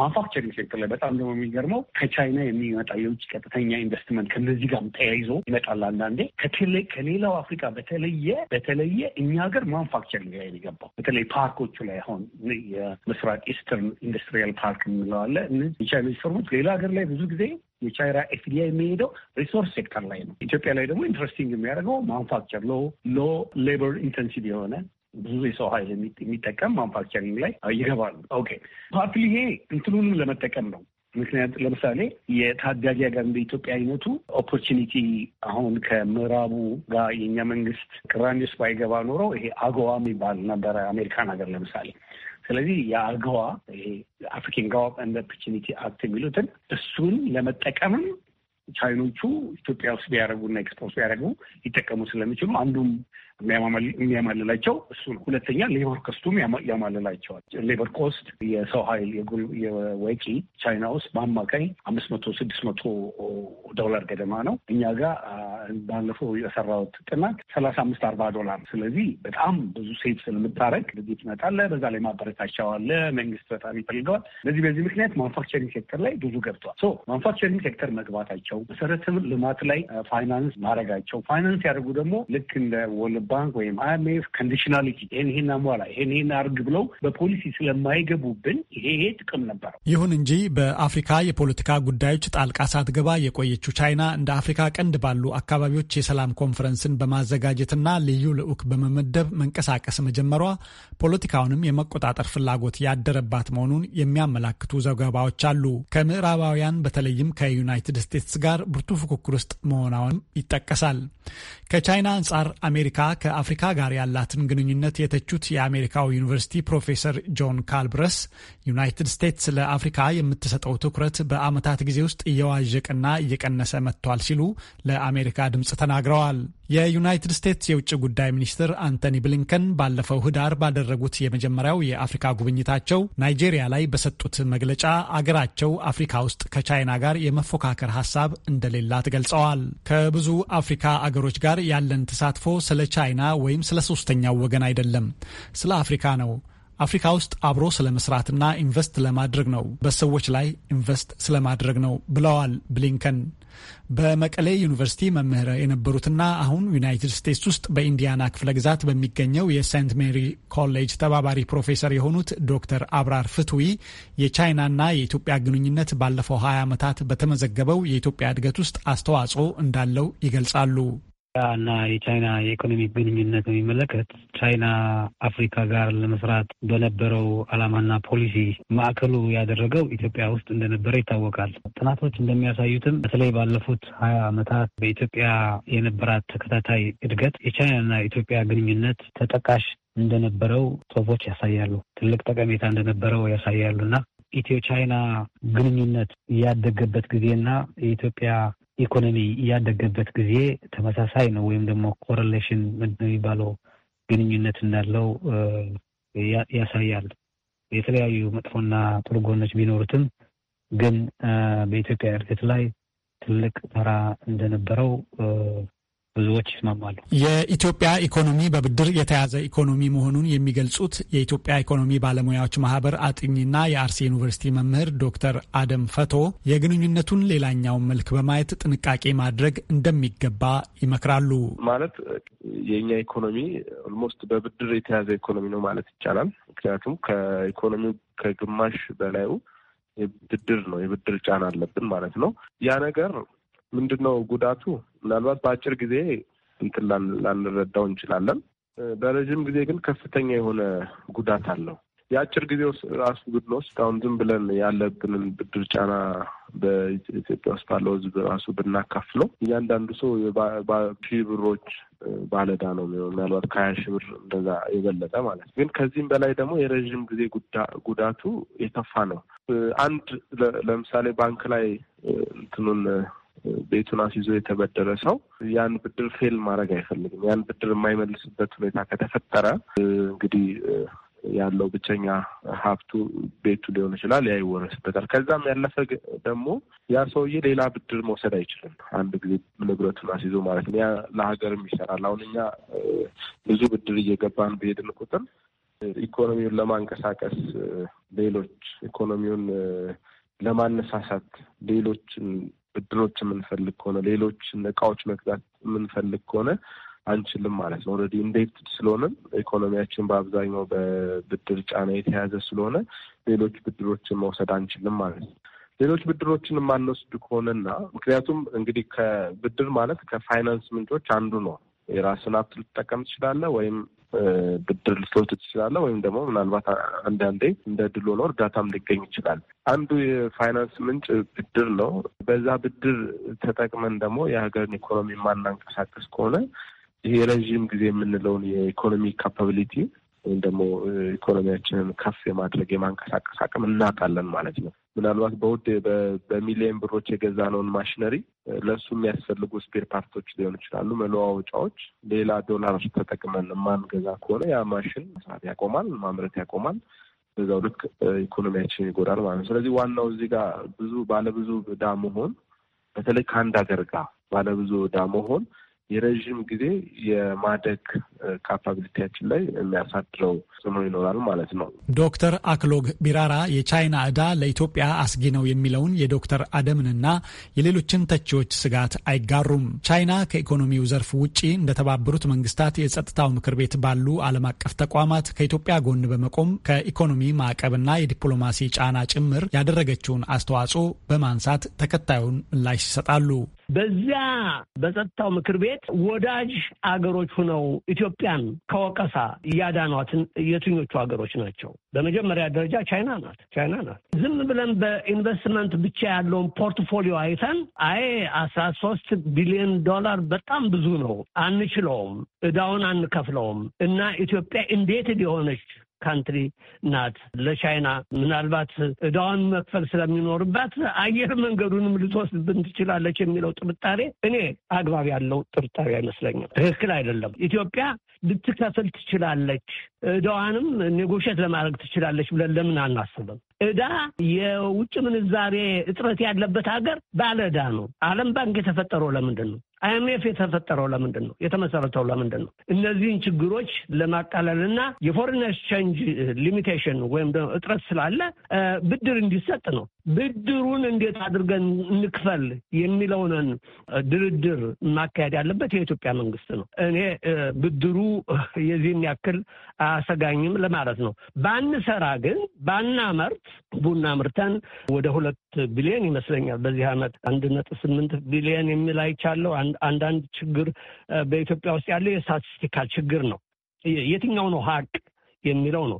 ማንፋክቸሪንግ ሴክተር ላይ በጣም ደግሞ የሚገርመው ከቻይና የሚመጣ የውጭ ቀጥተኛ ኢንቨስትመንት ከነዚህ ጋር ተያይዞ ይመጣል። አንዳንዴ ከሌላው አፍሪካ በተለየ በተለየ እኛ ሀገር ማንፋክቸሪንግ ላይ የገባው በተለይ ፓርኮቹ ላይ አሁን የምስራቅ ኢስተርን ኢንዱስትሪያል ፓርክ የምንለዋለ እነዚህ የቻይኖች ፈርሞች ሌላ ሀገር ላይ ብዙ ጊዜ የቻይና ኤፍዲአይ የሚሄደው ሪሶርስ ሴክተር ላይ ነው። ኢትዮጵያ ላይ ደግሞ ኢንትረስቲንግ የሚያደርገው ማንፋክቸር ሎ ሎ ሌበር ኢንተንሲቭ የሆነ ብዙ የሰው ኃይል የሚጠቀም ማንፋክቸሪንግ ላይ ይገባሉ። ኦኬ ፓርትሊ ይሄ እንትኑንም ለመጠቀም ነው። ምክንያት ለምሳሌ የታዳጊ ሀገር እንደ ኢትዮጵያ አይነቱ ኦፖርቹኒቲ አሁን ከምዕራቡ ጋር የእኛ መንግስት ቅራኔ ውስጥ ባይገባ ኖረው ይሄ አገዋ የሚባል ነበረ። አሜሪካን ሀገር ለምሳሌ ስለዚህ የአገዋ ይሄ አፍሪካን ጋዋ ኤንድ ኦፖርቹኒቲ አክት የሚሉትን እሱን ለመጠቀምም ቻይኖቹ ኢትዮጵያ ውስጥ ቢያደርጉና ኤክስፖርት ቢያደርጉ ሊጠቀሙ ስለሚችሉ አንዱም የሚያማልላቸው እሱ ነው። ሁለተኛ ሌበር ኮስቱም ያማልላቸዋል። ሌበር ኮስት የሰው ኃይል ወጪ ቻይና ውስጥ በአማካይ አምስት መቶ ስድስት መቶ ዶላር ገደማ ነው። እኛ ጋር ባለፈው የሰራሁት ጥናት ሰላሳ አምስት አርባ ዶላር። ስለዚህ በጣም ብዙ ሴት ስለምታረግ ጊዜ ትመጣለህ። በዛ ላይ ማበረታቻው አለ። መንግስት በጣም ይፈልገዋል። በዚህ በዚህ ምክንያት ማንፋክቸሪንግ ሴክተር ላይ ብዙ ገብተዋል ሶ ማንፋክቸሪንግ ሴክተር መግባታቸው መሰረተ ልማት ላይ ፋይናንስ ማድረጋቸው ፋይናንስ ያደርጉ ደግሞ ልክ እንደ ወል ባንክ ወይም አይኤምኤፍ ኮንዲሽናሊቲ ይሄን ይሄን አሟላ ይሄን ይሄን አርግ ብለው በፖሊሲ ስለማይገቡብን ይሄ ይሄ ጥቅም ነበረው። ይሁን እንጂ በአፍሪካ የፖለቲካ ጉዳዮች ጣልቃ ሳትገባ የቆየችው ቻይና እንደ አፍሪካ ቀንድ ባሉ አካባቢዎች የሰላም ኮንፈረንስን በማዘጋጀትና ልዩ ልዑክ በመመደብ መንቀሳቀስ መጀመሯ ፖለቲካውንም የመቆጣጠር ፍላጎት ያደረባት መሆኑን የሚያመላክቱ ዘገባዎች አሉ። ከምዕራባውያን በተለይም ከዩናይትድ ስቴትስ ጋር ብርቱ ፉክክር ውስጥ መሆናውንም ይጠቀሳል። ከቻይና አንጻር አሜሪካ ከአፍሪካ ጋር ያላትን ግንኙነት የተቹት የአሜሪካው ዩኒቨርሲቲ ፕሮፌሰር ጆን ካልብረስ ዩናይትድ ስቴትስ ለአፍሪካ የምትሰጠው ትኩረት በዓመታት ጊዜ ውስጥ እየዋዠቅና እየቀነሰ መጥቷል ሲሉ ለአሜሪካ ድምፅ ተናግረዋል። የዩናይትድ ስቴትስ የውጭ ጉዳይ ሚኒስትር አንቶኒ ብሊንከን ባለፈው ህዳር ባደረጉት የመጀመሪያው የአፍሪካ ጉብኝታቸው ናይጄሪያ ላይ በሰጡት መግለጫ አገራቸው አፍሪካ ውስጥ ከቻይና ጋር የመፎካከር ሀሳብ እንደሌላት ገልጸዋል። ከብዙ አፍሪካ አገሮች ጋር ያለን ተሳትፎ ስለ ቻይና ወይም ስለ ሶስተኛው ወገን አይደለም፣ ስለ አፍሪካ ነው። አፍሪካ ውስጥ አብሮ ስለ መስራትና ኢንቨስት ለማድረግ ነው፣ በሰዎች ላይ ኢንቨስት ስለማድረግ ነው ብለዋል ብሊንከን። በመቀሌ ዩኒቨርሲቲ መምህር የነበሩትና አሁን ዩናይትድ ስቴትስ ውስጥ በኢንዲያና ክፍለ ግዛት በሚገኘው የሴንት ሜሪ ኮሌጅ ተባባሪ ፕሮፌሰር የሆኑት ዶክተር አብራር ፍትዊ የቻይናና የኢትዮጵያ ግንኙነት ባለፈው 20 ዓመታት በተመዘገበው የኢትዮጵያ እድገት ውስጥ አስተዋጽኦ እንዳለው ይገልጻሉ። እና የቻይና የኢኮኖሚ ግንኙነት በሚመለከት ቻይና አፍሪካ ጋር ለመስራት በነበረው ዓላማና ፖሊሲ ማዕከሉ ያደረገው ኢትዮጵያ ውስጥ እንደነበረ ይታወቃል። ጥናቶች እንደሚያሳዩትም በተለይ ባለፉት ሀያ ዓመታት በኢትዮጵያ የነበራት ተከታታይ እድገት የቻይናና ኢትዮጵያ ግንኙነት ተጠቃሽ እንደነበረው ጽሁፎች ያሳያሉ። ትልቅ ጠቀሜታ እንደነበረው ያሳያሉና ኢትዮ ቻይና ግንኙነት ያደገበት ጊዜና የኢትዮጵያ ኢኮኖሚ እያደገበት ጊዜ ተመሳሳይ ነው ወይም ደግሞ ኮረሌሽን ምንድነው የሚባለው ግንኙነት እንዳለው ያሳያል። የተለያዩ መጥፎና ጥሩ ጎኖች ቢኖሩትም ግን በኢትዮጵያ እድገት ላይ ትልቅ ተራ እንደነበረው ብዙዎች ይስማማሉ። የኢትዮጵያ ኢኮኖሚ በብድር የተያዘ ኢኮኖሚ መሆኑን የሚገልጹት የኢትዮጵያ ኢኮኖሚ ባለሙያዎች ማህበር አጥኚና የአርሲ ዩኒቨርሲቲ መምህር ዶክተር አደም ፈቶ የግንኙነቱን ሌላኛውን መልክ በማየት ጥንቃቄ ማድረግ እንደሚገባ ይመክራሉ። ማለት የእኛ ኢኮኖሚ ኦልሞስት በብድር የተያዘ ኢኮኖሚ ነው ማለት ይቻላል። ምክንያቱም ከኢኮኖሚው ከግማሽ በላዩ ብድር ነው፣ የብድር ጫና አለብን ማለት ነው። ያ ነገር ምንድን ነው ጉዳቱ? ምናልባት በአጭር ጊዜ እንትን ላንረዳው እንችላለን። በረዥም ጊዜ ግን ከፍተኛ የሆነ ጉዳት አለው። የአጭር ጊዜ ራሱ ብንወስድ አሁን ዝም ብለን ያለብንን ብድር ጫና በኢትዮጵያ ውስጥ ባለው ሕዝብ ራሱ ብናካፍለው እያንዳንዱ ሰው ሺህ ብሮች ባለዳ ነው የሚሆ ምናልባት ከሀያ ሺህ ብር እንደዛ የበለጠ ማለት ግን ከዚህም በላይ ደግሞ የረዥም ጊዜ ጉዳቱ የተፋ ነው። አንድ ለምሳሌ ባንክ ላይ እንትኑን ቤቱን አስይዞ የተበደረ ሰው ያን ብድር ፌል ማድረግ አይፈልግም። ያን ብድር የማይመልስበት ሁኔታ ከተፈጠረ እንግዲህ ያለው ብቸኛ ሀብቱ ቤቱ ሊሆን ይችላል። ያ ይወረስበታል። ከዛም ያለፈ ደግሞ ያ ሰውዬ ሌላ ብድር መውሰድ አይችልም። አንድ ጊዜ ንብረቱን አስይዞ ማለት ነው። ያ ለሀገርም ይሰራል። አሁን እኛ ብዙ ብድር እየገባን በሄድን ቁጥር ኢኮኖሚውን ለማንቀሳቀስ ሌሎች ኢኮኖሚውን ለማነሳሳት ሌሎችን ብድሮች የምንፈልግ ከሆነ ሌሎችን እቃዎች መግዛት የምንፈልግ ከሆነ አንችልም ማለት ነው። ኦልሬዲ እንዴት ስለሆነም ኢኮኖሚያችን በአብዛኛው በብድር ጫና የተያዘ ስለሆነ ሌሎች ብድሮችን መውሰድ አንችልም ማለት ነው። ሌሎች ብድሮችን የማንወስድ ከሆነና ምክንያቱም እንግዲህ ከብድር ማለት ከፋይናንስ ምንጮች አንዱ ነው። የራስን ሀብት ልትጠቀም ትችላለህ ወይም ብድር ልትወስድ ትችላለህ ወይም ደግሞ ምናልባት አንዳንዴ እንደ ድል ሆኖ እርዳታም ሊገኝ ይችላል። አንዱ የፋይናንስ ምንጭ ብድር ነው። በዛ ብድር ተጠቅመን ደግሞ የሀገርን ኢኮኖሚ ማናንቀሳቀስ ከሆነ ይሄ የረዥም ጊዜ የምንለውን የኢኮኖሚ ካፓቢሊቲ ወይም ደግሞ ኢኮኖሚያችንን ከፍ የማድረግ የማንቀሳቀስ አቅም እናጣለን ማለት ነው። ምናልባት በውድ በሚሊዮን ብሮች የገዛነውን ማሽነሪ ለእሱ የሚያስፈልጉ ስፔር ፓርቶች ሊሆኑ ይችላሉ፣ መለዋወጫዎች፣ ሌላ ዶላር ተጠቅመን የማንገዛ ከሆነ ያ ማሽን መስራት ያቆማል፣ ማምረት ያቆማል። በዛው ልክ ኢኮኖሚያችን ይጎዳል ማለት ነው። ስለዚህ ዋናው እዚህ ጋር ብዙ ባለብዙ ዕዳ መሆን በተለይ ከአንድ ሀገር ጋር ባለብዙ ዕዳ መሆን የረዥም ጊዜ የማደግ ካፓቢሊቲያችን ላይ የሚያሳድረው ጽኖ ይኖራል ማለት ነው። ዶክተር አክሎግ ቢራራ የቻይና ዕዳ ለኢትዮጵያ አስጊ ነው የሚለውን የዶክተር አደምንና የሌሎችን ተቺዎች ስጋት አይጋሩም። ቻይና ከኢኮኖሚው ዘርፍ ውጪ እንደተባበሩት መንግስታት የጸጥታው ምክር ቤት ባሉ ዓለም አቀፍ ተቋማት ከኢትዮጵያ ጎን በመቆም ከኢኮኖሚ ማዕቀብና የዲፕሎማሲ ጫና ጭምር ያደረገችውን አስተዋጽኦ በማንሳት ተከታዩን ምላሽ ይሰጣሉ። በዚያ በጸጥታው ምክር ቤት ወዳጅ አገሮች ሁነው ኢትዮጵያን ከወቀሳ እያዳኗትን የትኞቹ ሀገሮች ናቸው? በመጀመሪያ ደረጃ ቻይና ናት። ቻይና ናት። ዝም ብለን በኢንቨስትመንት ብቻ ያለውን ፖርትፎሊዮ አይተን አይ አስራ ሶስት ቢሊዮን ዶላር በጣም ብዙ ነው፣ አንችለውም፣ እዳውን አንከፍለውም እና ኢትዮጵያ እንዴት ሊሆነች ካንትሪ ናት ለቻይና ምናልባት እዳዋን መክፈል ስለሚኖርባት አየር መንገዱንም ልትወስድብን ትችላለች የሚለው ጥርጣሬ እኔ አግባብ ያለው ጥርጣሬ አይመስለኝም። ትክክል አይደለም። ኢትዮጵያ ልትከፍል ትችላለች፣ እዳዋንም ኔጎሽት ለማድረግ ትችላለች ብለን ለምን አናስብም? እዳ የውጭ ምንዛሬ እጥረት ያለበት ሀገር ባለ እዳ ነው። ዓለም ባንክ የተፈጠረው ለምንድን ነው? አይኤምኤፍ የተፈጠረው ለምንድን ነው? የተመሰረተው ለምንድን ነው? እነዚህን ችግሮች ለማቃለል እና የፎሪን ኤክስቼንጅ ሊሚቴሽን ወይም እጥረት ስላለ ብድር እንዲሰጥ ነው። ብድሩን እንዴት አድርገን እንክፈል የሚለውን ድርድር ማካሄድ ያለበት የኢትዮጵያ መንግስት ነው። እኔ ብድሩ የዚህን ያክል አያሰጋኝም ለማለት ነው። ባንሰራ ግን ባናመርት ቡና ምርተን ወደ ሁለት ቢሊዮን ይመስለኛል በዚህ ዓመት አንድ ነጥብ ስምንት ቢሊዮን የሚል አይቻለሁ። አንዳንድ ችግር በኢትዮጵያ ውስጥ ያለው የስታቲስቲካል ችግር ነው። የትኛው ነው ሀቅ የሚለው ነው።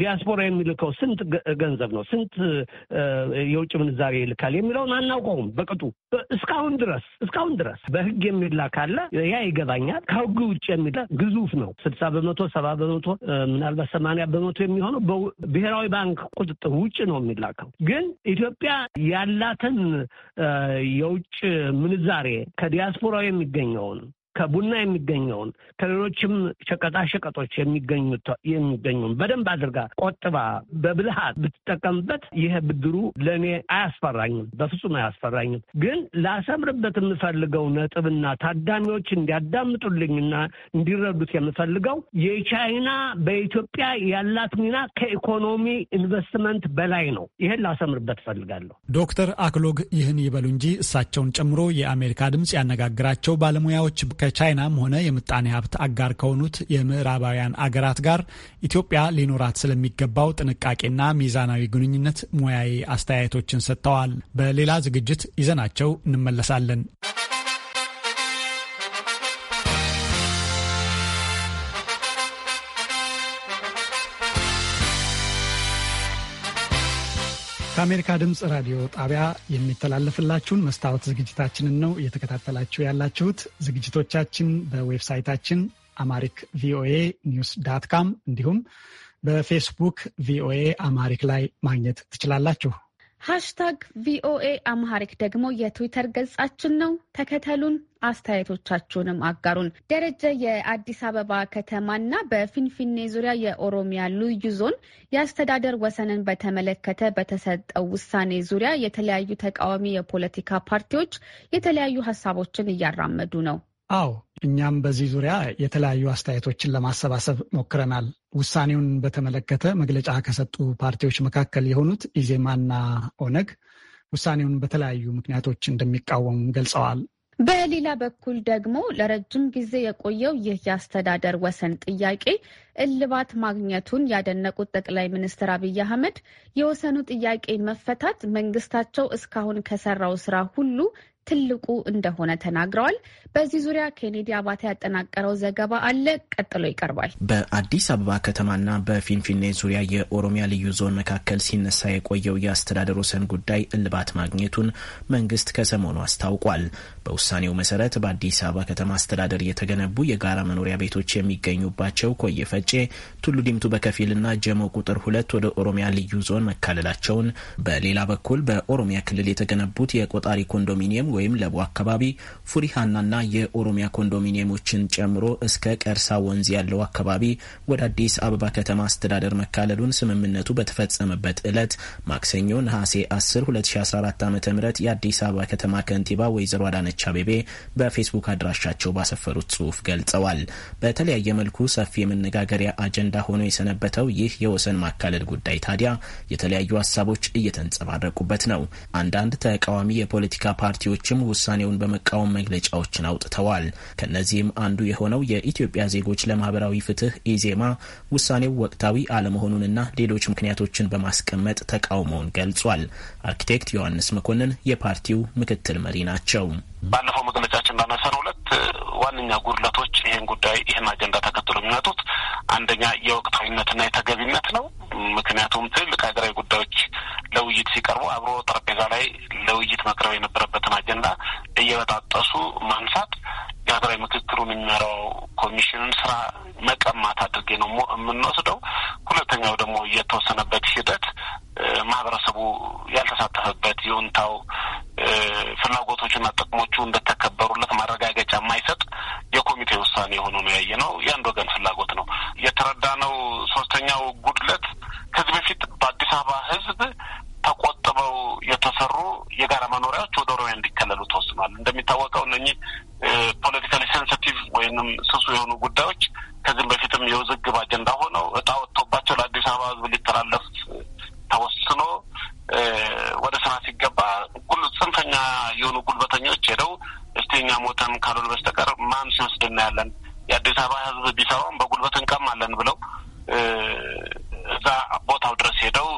ዲያስፖራ የሚልከው ስንት ገንዘብ ነው፣ ስንት የውጭ ምንዛሬ ይልካል የሚለውን አናውቀውም በቅጡ እስካሁን ድረስ እስካሁን ድረስ በህግ የሚላ ካለ ያ ይገባኛል። ከህግ ውጭ የሚላ ግዙፍ ነው። ስልሳ በመቶ ሰባ በመቶ ምናልባት ሰማንያ በመቶ የሚሆነው ብሔራዊ ባንክ ቁጥጥር ውጭ ነው የሚላከው። ግን ኢትዮጵያ ያላትን የውጭ ምንዛሬ ከዲያስፖራ የሚገኘውን ከቡና የሚገኘውን ከሌሎችም ሸቀጣ ሸቀጦች የሚገኙን በደንብ አድርጋ ቆጥባ በብልሃት ብትጠቀምበት ይሄ ብድሩ ለእኔ አያስፈራኝም፣ በፍጹም አያስፈራኝም። ግን ላሰምርበት የምፈልገው ነጥብና ታዳሚዎች እንዲያዳምጡልኝና እንዲረዱት የምፈልገው የቻይና በኢትዮጵያ ያላት ሚና ከኢኮኖሚ ኢንቨስትመንት በላይ ነው። ይህን ላሰምርበት እፈልጋለሁ። ዶክተር አክሎግ ይህን ይበሉ እንጂ እሳቸውን ጨምሮ የአሜሪካ ድምፅ ያነጋግራቸው ባለሙያዎች ከቻይናም ሆነ የምጣኔ ሀብት አጋር ከሆኑት የምዕራባውያን አገራት ጋር ኢትዮጵያ ሊኖራት ስለሚገባው ጥንቃቄና ሚዛናዊ ግንኙነት ሙያዊ አስተያየቶችን ሰጥተዋል። በሌላ ዝግጅት ይዘናቸው እንመለሳለን። ከአሜሪካ ድምፅ ራዲዮ ጣቢያ የሚተላለፍላችሁን መስታወት ዝግጅታችንን ነው እየተከታተላችሁ ያላችሁት። ዝግጅቶቻችን በዌብሳይታችን አማሪክ ቪኦኤ ኒውስ ዳት ካም እንዲሁም በፌስቡክ ቪኦኤ አማሪክ ላይ ማግኘት ትችላላችሁ። ሃሽታግ ቪኦኤ አማሪክ ደግሞ የትዊተር ገጻችን ነው። ተከተሉን፣ አስተያየቶቻችሁንም አጋሩን። ደረጀ የአዲስ አበባ ከተማና በፊንፊኔ ዙሪያ የኦሮሚያ ልዩ ዞን የአስተዳደር ወሰንን በተመለከተ በተሰጠው ውሳኔ ዙሪያ የተለያዩ ተቃዋሚ የፖለቲካ ፓርቲዎች የተለያዩ ሀሳቦችን እያራመዱ ነው። አዎ እኛም በዚህ ዙሪያ የተለያዩ አስተያየቶችን ለማሰባሰብ ሞክረናል። ውሳኔውን በተመለከተ መግለጫ ከሰጡ ፓርቲዎች መካከል የሆኑት ኢዜማና ኦነግ ውሳኔውን በተለያዩ ምክንያቶች እንደሚቃወሙ ገልጸዋል። በሌላ በኩል ደግሞ ለረጅም ጊዜ የቆየው ይህ የአስተዳደር ወሰን ጥያቄ እልባት ማግኘቱን ያደነቁት ጠቅላይ ሚኒስትር አብይ አህመድ የወሰኑ ጥያቄ መፈታት መንግስታቸው እስካሁን ከሰራው ስራ ሁሉ ትልቁ እንደሆነ ተናግረዋል። በዚህ ዙሪያ ኬኔዲ አባተ ያጠናቀረው ዘገባ አለ፣ ቀጥሎ ይቀርባል። በአዲስ አበባ ከተማና በፊንፊኔ ዙሪያ የኦሮሚያ ልዩ ዞን መካከል ሲነሳ የቆየው የአስተዳደር ወሰን ጉዳይ እልባት ማግኘቱን መንግስት ከሰሞኑ አስታውቋል። በውሳኔው መሰረት በአዲስ አበባ ከተማ አስተዳደር የተገነቡ የጋራ መኖሪያ ቤቶች የሚገኙባቸው ኮየ ፈጬ፣ ቱሉ ዲምቱ በከፊልና ጀሞ ቁጥር ሁለት ወደ ኦሮሚያ ልዩ ዞን መካለላቸውን፣ በሌላ በኩል በኦሮሚያ ክልል የተገነቡት የቆጣሪ ኮንዶሚኒየም ወይም ለቡ አካባቢ ፉሪሃናና የኦሮሚያ ኮንዶሚኒየሞችን ጨምሮ እስከ ቀርሳ ወንዝ ያለው አካባቢ ወደ አዲስ አበባ ከተማ አስተዳደር መካለሉን ስምምነቱ በተፈጸመበት ዕለት ማክሰኞ ነሐሴ 10 2014 ዓ ም የአዲስ አበባ ከተማ ከንቲባ ወይዘሮ አዳነ አዳነች አቤቤ በፌስቡክ አድራሻቸው ባሰፈሩት ጽሁፍ ገልጸዋል። በተለያየ መልኩ ሰፊ የመነጋገሪያ አጀንዳ ሆኖ የሰነበተው ይህ የወሰን ማካለል ጉዳይ ታዲያ የተለያዩ ሀሳቦች እየተንጸባረቁበት ነው። አንዳንድ ተቃዋሚ የፖለቲካ ፓርቲዎችም ውሳኔውን በመቃወም መግለጫዎችን አውጥተዋል። ከእነዚህም አንዱ የሆነው የኢትዮጵያ ዜጎች ለማህበራዊ ፍትህ ኢዜማ ውሳኔው ወቅታዊ አለመሆኑንና ሌሎች ምክንያቶችን በማስቀመጥ ተቃውሞውን ገልጿል። አርኪቴክት ዮሐንስ መኮንን የፓርቲው ምክትል መሪ ናቸው። ባለፈው መግለጫችን እንዳነሳነው ሁለት ዋነኛ ጉድለቶች ይህን ጉዳይ ይህን አጀንዳ ተከትሎ የሚመጡት አንደኛ የወቅታዊነትና የተገቢነት ነው። ምክንያቱም ትልቅ ሀገራዊ ጉዳዮች ለውይይት ሲቀርቡ አብሮ ጠረጴዛ ላይ ለውይይት መቅረብ የነበረበትን አጀንዳ እየበጣጠሱ ማንሳት ዳግራዊ ምክክሩን የሚመራው ኮሚሽንን ስራ መቀማት አድርጌ ነው የምንወስደው። ሁለተኛው ደግሞ እየተወሰነበት ሂደት ማህበረሰቡ ያልተሳተፈበት የውንታው ፍላጎቶቹና ጥቅሞቹ እንደተከበሩለት ማረጋገጫ የማይሰጥ የኮሚቴ ውሳኔ የሆነ ነው ያየ ነው። የአንድ ወገን ፍላጎት ነው የተረዳ ነው። ሶስተኛው ጉድለት ከዚህ በፊት በአዲስ አበባ ህዝብ ተቆ የተሰሩ የጋራ መኖሪያዎች ወደ ኦሮሚያ እንዲከለሉ ተወስኗል። እንደሚታወቀው እነኚህ ፖለቲካሊ ሴንስቲቭ ወይንም ስሱ የሆኑ ጉዳዮች ከዚህም በፊትም የውዝግብ አጀንዳ ሆነው እጣ ወጥቶባቸው ለአዲስ አበባ ሕዝብ ሊተላለፍ ተወስኖ ወደ ስራ ሲገባ ሁሉ ጽንፈኛ የሆኑ ጉልበተኞች ሄደው እስቲ እኛ ሞተን ካልሆነ በስተቀር ማን ሲወስድ እናያለን? የአዲስ አበባ ሕዝብ ቢሰራውም በጉልበት እንቀማለን ብለው እዛ ቦታው ድረስ ሄደው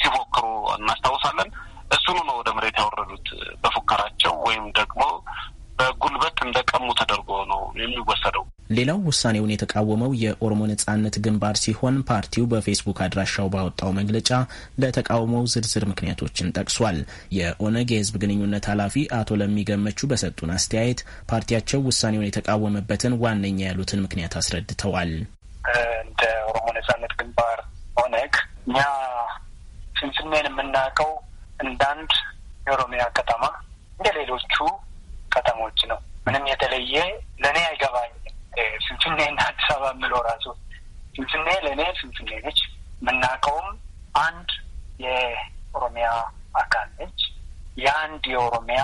ሲፎክሩ እናስታውሳለን። እሱኑ ነው ወደ መሬት ያወረዱት። በፉከራቸው ወይም ደግሞ በጉልበት እንደቀሙ ተደርጎ ነው የሚወሰደው። ሌላው ውሳኔውን የተቃወመው የኦሮሞ ነጻነት ግንባር ሲሆን ፓርቲው በፌስቡክ አድራሻው ባወጣው መግለጫ ለተቃውሞው ዝርዝር ምክንያቶችን ጠቅሷል። የኦነግ የህዝብ ግንኙነት ኃላፊ አቶ ለሚገመቹ በሰጡን አስተያየት ፓርቲያቸው ውሳኔውን የተቃወመበትን ዋነኛ ያሉትን ምክንያት አስረድተዋል። እንደ ኦሮሞ ነጻነት ግንባር ኦነግ እኛ ስንስሜን የምናውቀው እንዳንድ የኦሮሚያ ከተማ እንደ ሌሎቹ ከተሞች ነው። ምንም የተለየ ለእኔ አይገባኝም። ፍንፍኔና አዲስ አበባ የምለው ራሱ ፍንፍኔ ለእኔ ፍንፍኔ ነች። የምናውቀውም አንድ የኦሮሚያ አካል ነች። የአንድ የኦሮሚያ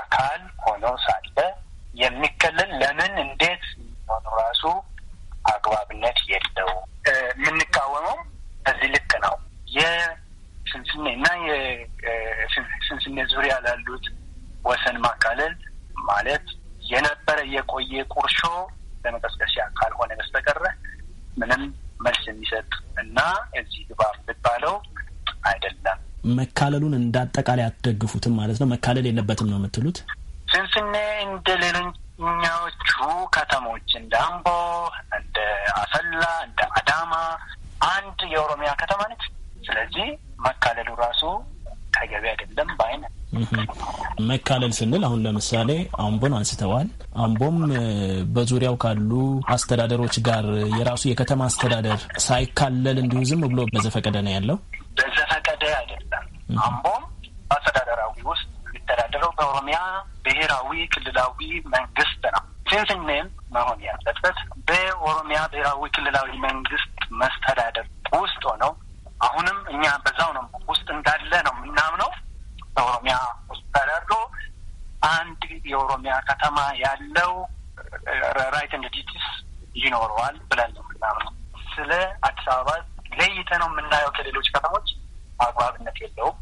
አካል ሆነው ሳለ የሚከለል ለምን እንዴት የሚሆኑ ራሱ አግባብነት የለው። የምንቃወመው በዚህ ልክ ነው። ስንስኔ እና የስንስኔ ዙሪያ ላሉት ወሰን ማካለል ማለት የነበረ የቆየ ቁርሾ ለመቀስቀሻ ካልሆነ በስተቀረ ምንም መልስ የሚሰጥ እና እዚህ ግባ የምትባለው አይደለም። መካለሉን እንዳጠቃላይ አትደግፉትም ማለት ነው። መካለል የለበትም ነው የምትሉት። ስንስኔ እንደ ሌሎኛዎቹ ከተሞች እንደ አምቦ፣ እንደ አሰላ፣ እንደ አዳማ አንድ የኦሮሚያ ከተማ ነች። ስለዚህ መካለሉ ራሱ ተገቢ አይደለም በአይነ መካለል ስንል አሁን ለምሳሌ አምቦን አንስተዋል። አምቦም በዙሪያው ካሉ አስተዳደሮች ጋር የራሱ የከተማ አስተዳደር ሳይካለል እንዲሁ ዝም ብሎ በዘፈቀደ ነው ያለው። በዘፈቀደ አይደለም። አምቦም አስተዳደራዊ ውስጥ የሚተዳደረው በኦሮሚያ ብሔራዊ ክልላዊ መንግስት ነው። ፊንፊኔም መሆን ያለበት በኦሮሚያ ብሔራዊ ክልላዊ መንግስት መስተዳደር ውስጥ ሆነው አሁንም እኛ በዛው ነው ውስጥ እንዳለ ነው የምናምነው። በኦሮሚያ ውስጥ ተደርጎ አንድ የኦሮሚያ ከተማ ያለው ራይት ኤንድ ይኖረዋል ብለን ነው የምናምነው። ስለ አዲስ አበባ ለይተ ነው የምናየው ከሌሎች ከተሞች አግባብነት የለውም።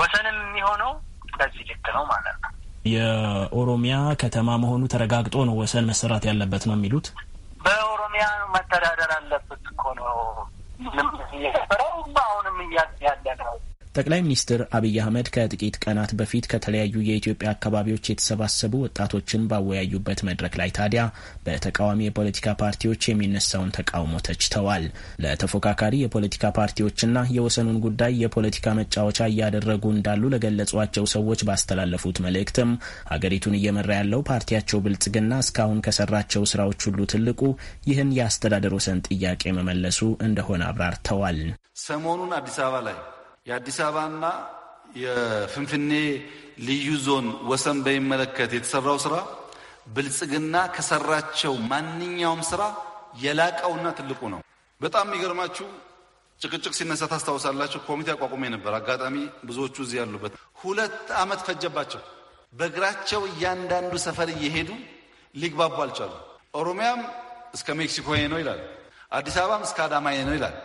ወሰንም የሚሆነው በዚህ ልክ ነው ማለት ነው። የኦሮሚያ ከተማ መሆኑ ተረጋግጦ ነው ወሰን መሰራት ያለበት ነው የሚሉት። በኦሮሚያ መተዳደር አለበት እኮ ነው ነበረው አሁንም እያለ ነው ጠቅላይ ሚኒስትር አብይ አህመድ ከጥቂት ቀናት በፊት ከተለያዩ የኢትዮጵያ አካባቢዎች የተሰባሰቡ ወጣቶችን ባወያዩበት መድረክ ላይ ታዲያ በተቃዋሚ የፖለቲካ ፓርቲዎች የሚነሳውን ተቃውሞ ተችተዋል። ለተፎካካሪ የፖለቲካ ፓርቲዎችና የወሰኑን ጉዳይ የፖለቲካ መጫወቻ እያደረጉ እንዳሉ ለገለጿቸው ሰዎች ባስተላለፉት መልእክትም ሀገሪቱን እየመራ ያለው ፓርቲያቸው ብልጽግና እስካሁን ከሰራቸው ስራዎች ሁሉ ትልቁ ይህን የአስተዳደር ወሰን ጥያቄ መመለሱ እንደሆነ አብራርተዋል። ሰሞኑን አዲስ አበባ ላይ የአዲስ አበባና የፍንፍኔ ልዩ ዞን ወሰን በሚመለከት የተሰራው ስራ ብልጽግና ከሰራቸው ማንኛውም ስራ የላቀውና ትልቁ ነው። በጣም የሚገርማችሁ ጭቅጭቅ ሲነሳ ታስታውሳላችሁ። ኮሚቴ አቋቁሜ ነበር። አጋጣሚ ብዙዎቹ እዚህ ያሉበት ሁለት ዓመት ፈጀባቸው። በእግራቸው እያንዳንዱ ሰፈር እየሄዱ ሊግባቡ አልቻሉ። ኦሮሚያም እስከ ሜክሲኮ ነው ይላል፣ አዲስ አበባም እስከ አዳማ ነው ይላል።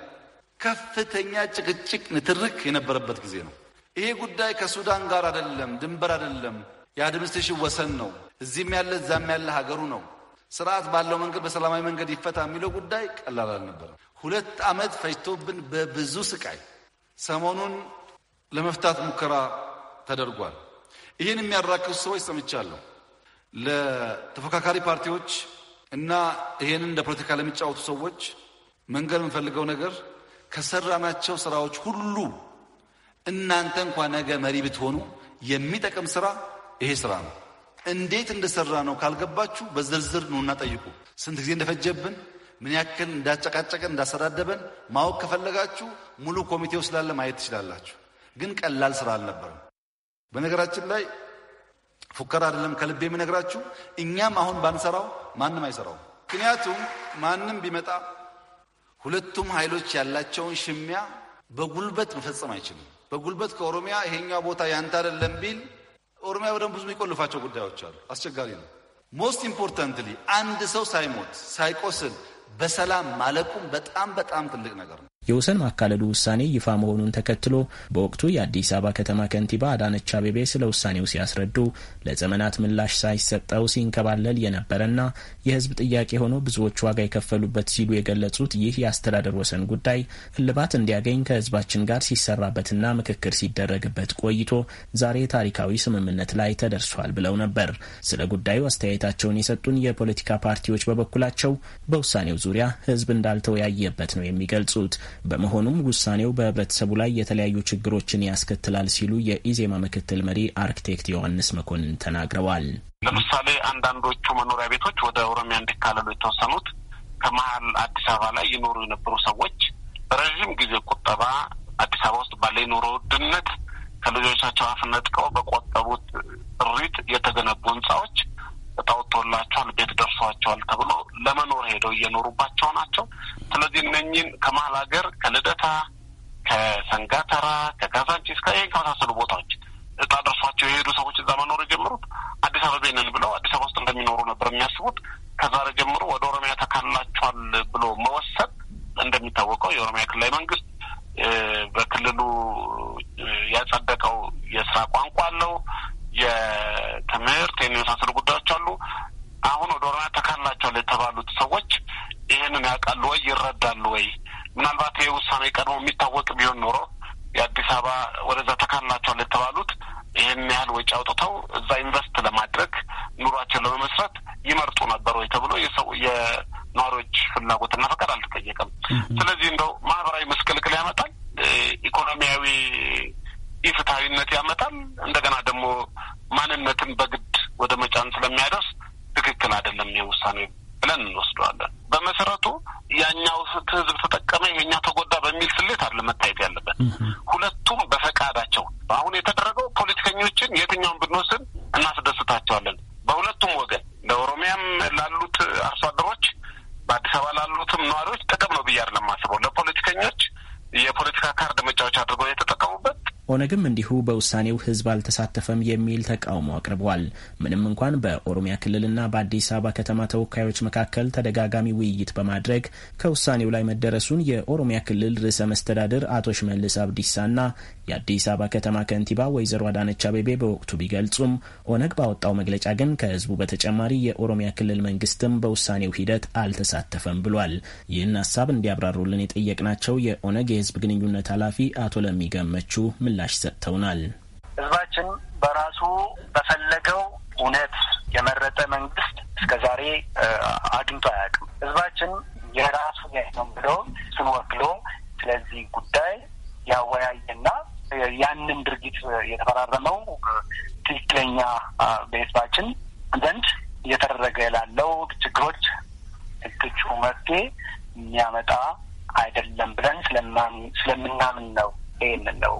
ከፍተኛ ጭቅጭቅ፣ ንትርክ የነበረበት ጊዜ ነው። ይሄ ጉዳይ ከሱዳን ጋር አይደለም፣ ድንበር አይደለም፣ የአድሚኒስትሬሽን ወሰን ነው። እዚህም ያለ እዛም ያለ ሀገሩ ነው። ስርዓት ባለው መንገድ በሰላማዊ መንገድ ይፈታ የሚለው ጉዳይ ቀላል አልነበረም። ሁለት ዓመት ፈጅቶብን በብዙ ስቃይ ሰሞኑን ለመፍታት ሙከራ ተደርጓል። ይህን የሚያራክሱ ሰዎች ሰምቻለሁ። ለተፎካካሪ ፓርቲዎች እና ይህንን እንደ ፖለቲካ ለሚጫወቱ ሰዎች መንገድ የምንፈልገው ነገር ከሰራናቸው ስራዎች ሁሉ እናንተ እንኳን ነገ መሪ ብትሆኑ የሚጠቅም ስራ ይሄ ስራ ነው። እንዴት እንደሰራ ነው ካልገባችሁ በዝርዝር ኑና ጠይቁ። ስንት ጊዜ እንደፈጀብን፣ ምን ያክል እንዳጨቃጨቀን፣ እንዳሰዳደበን ማወቅ ከፈለጋችሁ ሙሉ ኮሚቴው ስላለ ማየት ትችላላችሁ። ግን ቀላል ስራ አልነበረም። በነገራችን ላይ ፉከራ አይደለም፣ ከልቤ የምነግራችሁ እኛም አሁን ባንሰራው ማንም አይሰራውም። ምክንያቱም ማንም ቢመጣ ሁለቱም ኃይሎች ያላቸውን ሽሚያ በጉልበት መፈጸም አይችልም። በጉልበት ከኦሮሚያ ይሄኛው ቦታ ያንተ አይደለም ቢል ኦሮሚያ በደንብ ብዙ የሚቆልፋቸው ጉዳዮች አሉ። አስቸጋሪ ነው። ሞስት ኢምፖርታንትሊ አንድ ሰው ሳይሞት ሳይቆስል በሰላም ማለቁም በጣም በጣም ትልቅ ነገር ነው። የወሰን ማካለሉ ውሳኔ ይፋ መሆኑን ተከትሎ በወቅቱ የአዲስ አበባ ከተማ ከንቲባ አዳነች አቤቤ ስለ ውሳኔው ሲያስረዱ ለዘመናት ምላሽ ሳይሰጠው ሲንከባለል የነበረና የህዝብ ጥያቄ ሆኖ ብዙዎች ዋጋ የከፈሉበት ሲሉ የገለጹት ይህ የአስተዳደር ወሰን ጉዳይ እልባት እንዲያገኝ ከህዝባችን ጋር ሲሰራበትና ምክክር ሲደረግበት ቆይቶ ዛሬ ታሪካዊ ስምምነት ላይ ተደርሷል ብለው ነበር። ስለ ጉዳዩ አስተያየታቸውን የሰጡን የፖለቲካ ፓርቲዎች በበኩላቸው በውሳኔው ዙሪያ ህዝብ እንዳልተወያየበት ነው የሚገልጹት። በመሆኑም ውሳኔው በህብረተሰቡ ላይ የተለያዩ ችግሮችን ያስከትላል ሲሉ የኢዜማ ምክትል መሪ አርክቴክት ዮሐንስ መኮንን ተናግረዋል። ለምሳሌ አንዳንዶቹ መኖሪያ ቤቶች ወደ ኦሮሚያ እንዲካለሉ የተወሰኑት ከመሀል አዲስ አበባ ላይ ይኖሩ የነበሩ ሰዎች በረዥም ጊዜ ቁጠባ አዲስ አበባ ውስጥ ባለ የኑሮ ውድነት ከልጆቻቸው አፍ ነጥቀው በቆጠቡት ጥሪት የተገነቡ ህንጻዎች እጣ ወጥቶላቸዋል፣ ቤት ደርሷቸዋል ተብሎ ለመኖር ሄደው እየኖሩባቸው ናቸው። ስለዚህ እነኝን ከመሀል ሀገር ከልደታ፣ ከሰንጋተራ፣ ከካዛንቺስ ይህን ከመሳሰሉ ቦታዎች እጣ ደርሷቸው የሄዱ ሰዎች እዛ መኖር የጀመሩት አዲስ አበቤንን ብለው አዲስ አበባ ውስጥ እንደሚኖሩ ነበር የሚያስቡት። ከዛሬ ጀምሮ ወደ ኦሮሚያ ተካላቸዋል ብሎ መወሰን እንደሚታወቀው የኦሮሚያ ክልላዊ መንግስት በክልሉ ያጸደቀው የስራ ቋንቋ አለው። የትምህርት የመሳሰሉ ጉዳ ያውቃሉ ወይ ይረዳሉ ወይ? ምናልባት ይህ ውሳኔ ቀድሞ የሚታወቅ ቢሆን ኖሮ የአዲስ አበባ ወደዛ ተካልናቸዋል የተባሉት ይህን ያህል ወጪ አውጥተው እዛ ኢንቨስት ለማድረግ ኑሯቸውን ለመመስረት ይመርጡ ነበር ወይ ተብሎ የሰው የነዋሪዎች ፍላጎትና ፈቃድ በውሳኔው ህዝብ አልተሳተፈም የሚል ተቃውሞ አቅርቧል። ምንም እንኳን በኦሮሚያ ክልልና በአዲስ አበባ ከተማ ተወካዮች መካከል ተደጋጋሚ ውይይት በማድረግ ከውሳኔው ላይ መደረሱን የኦሮሚያ ክልል ርዕሰ መስተዳድር አቶ ሽመልስ አብዲሳና የአዲስ አበባ ከተማ ከንቲባ ወይዘሮ አዳነች አቤቤ በወቅቱ ቢገልጹም ኦነግ ባወጣው መግለጫ ግን ከህዝቡ በተጨማሪ የኦሮሚያ ክልል መንግስትም በውሳኔው ሂደት አልተሳተፈም ብሏል። ይህን ሀሳብ እንዲያብራሩልን የጠየቅናቸው የኦነግ የህዝብ ግንኙነት ኃላፊ አቶ ለሚገመቹ ምላሽ ሰጥተውናል። ህዝባችን በራሱ በፈለገው እውነት የመረጠ መንግስት እስከ ዛሬ አግኝቶ አያውቅም። ህዝባችን የራሱ ነው ብሎ እሱን ወክሎ ስለዚህ ጉዳይ ያወያየና ያንን ድርጊት የተፈራረመው ትክክለኛ በህዝባችን ዘንድ እየተደረገ ላለው ችግሮች እቅጩ መፍትሄ የሚያመጣ አይደለም ብለን ስለምናምን ነው ይህንን ነው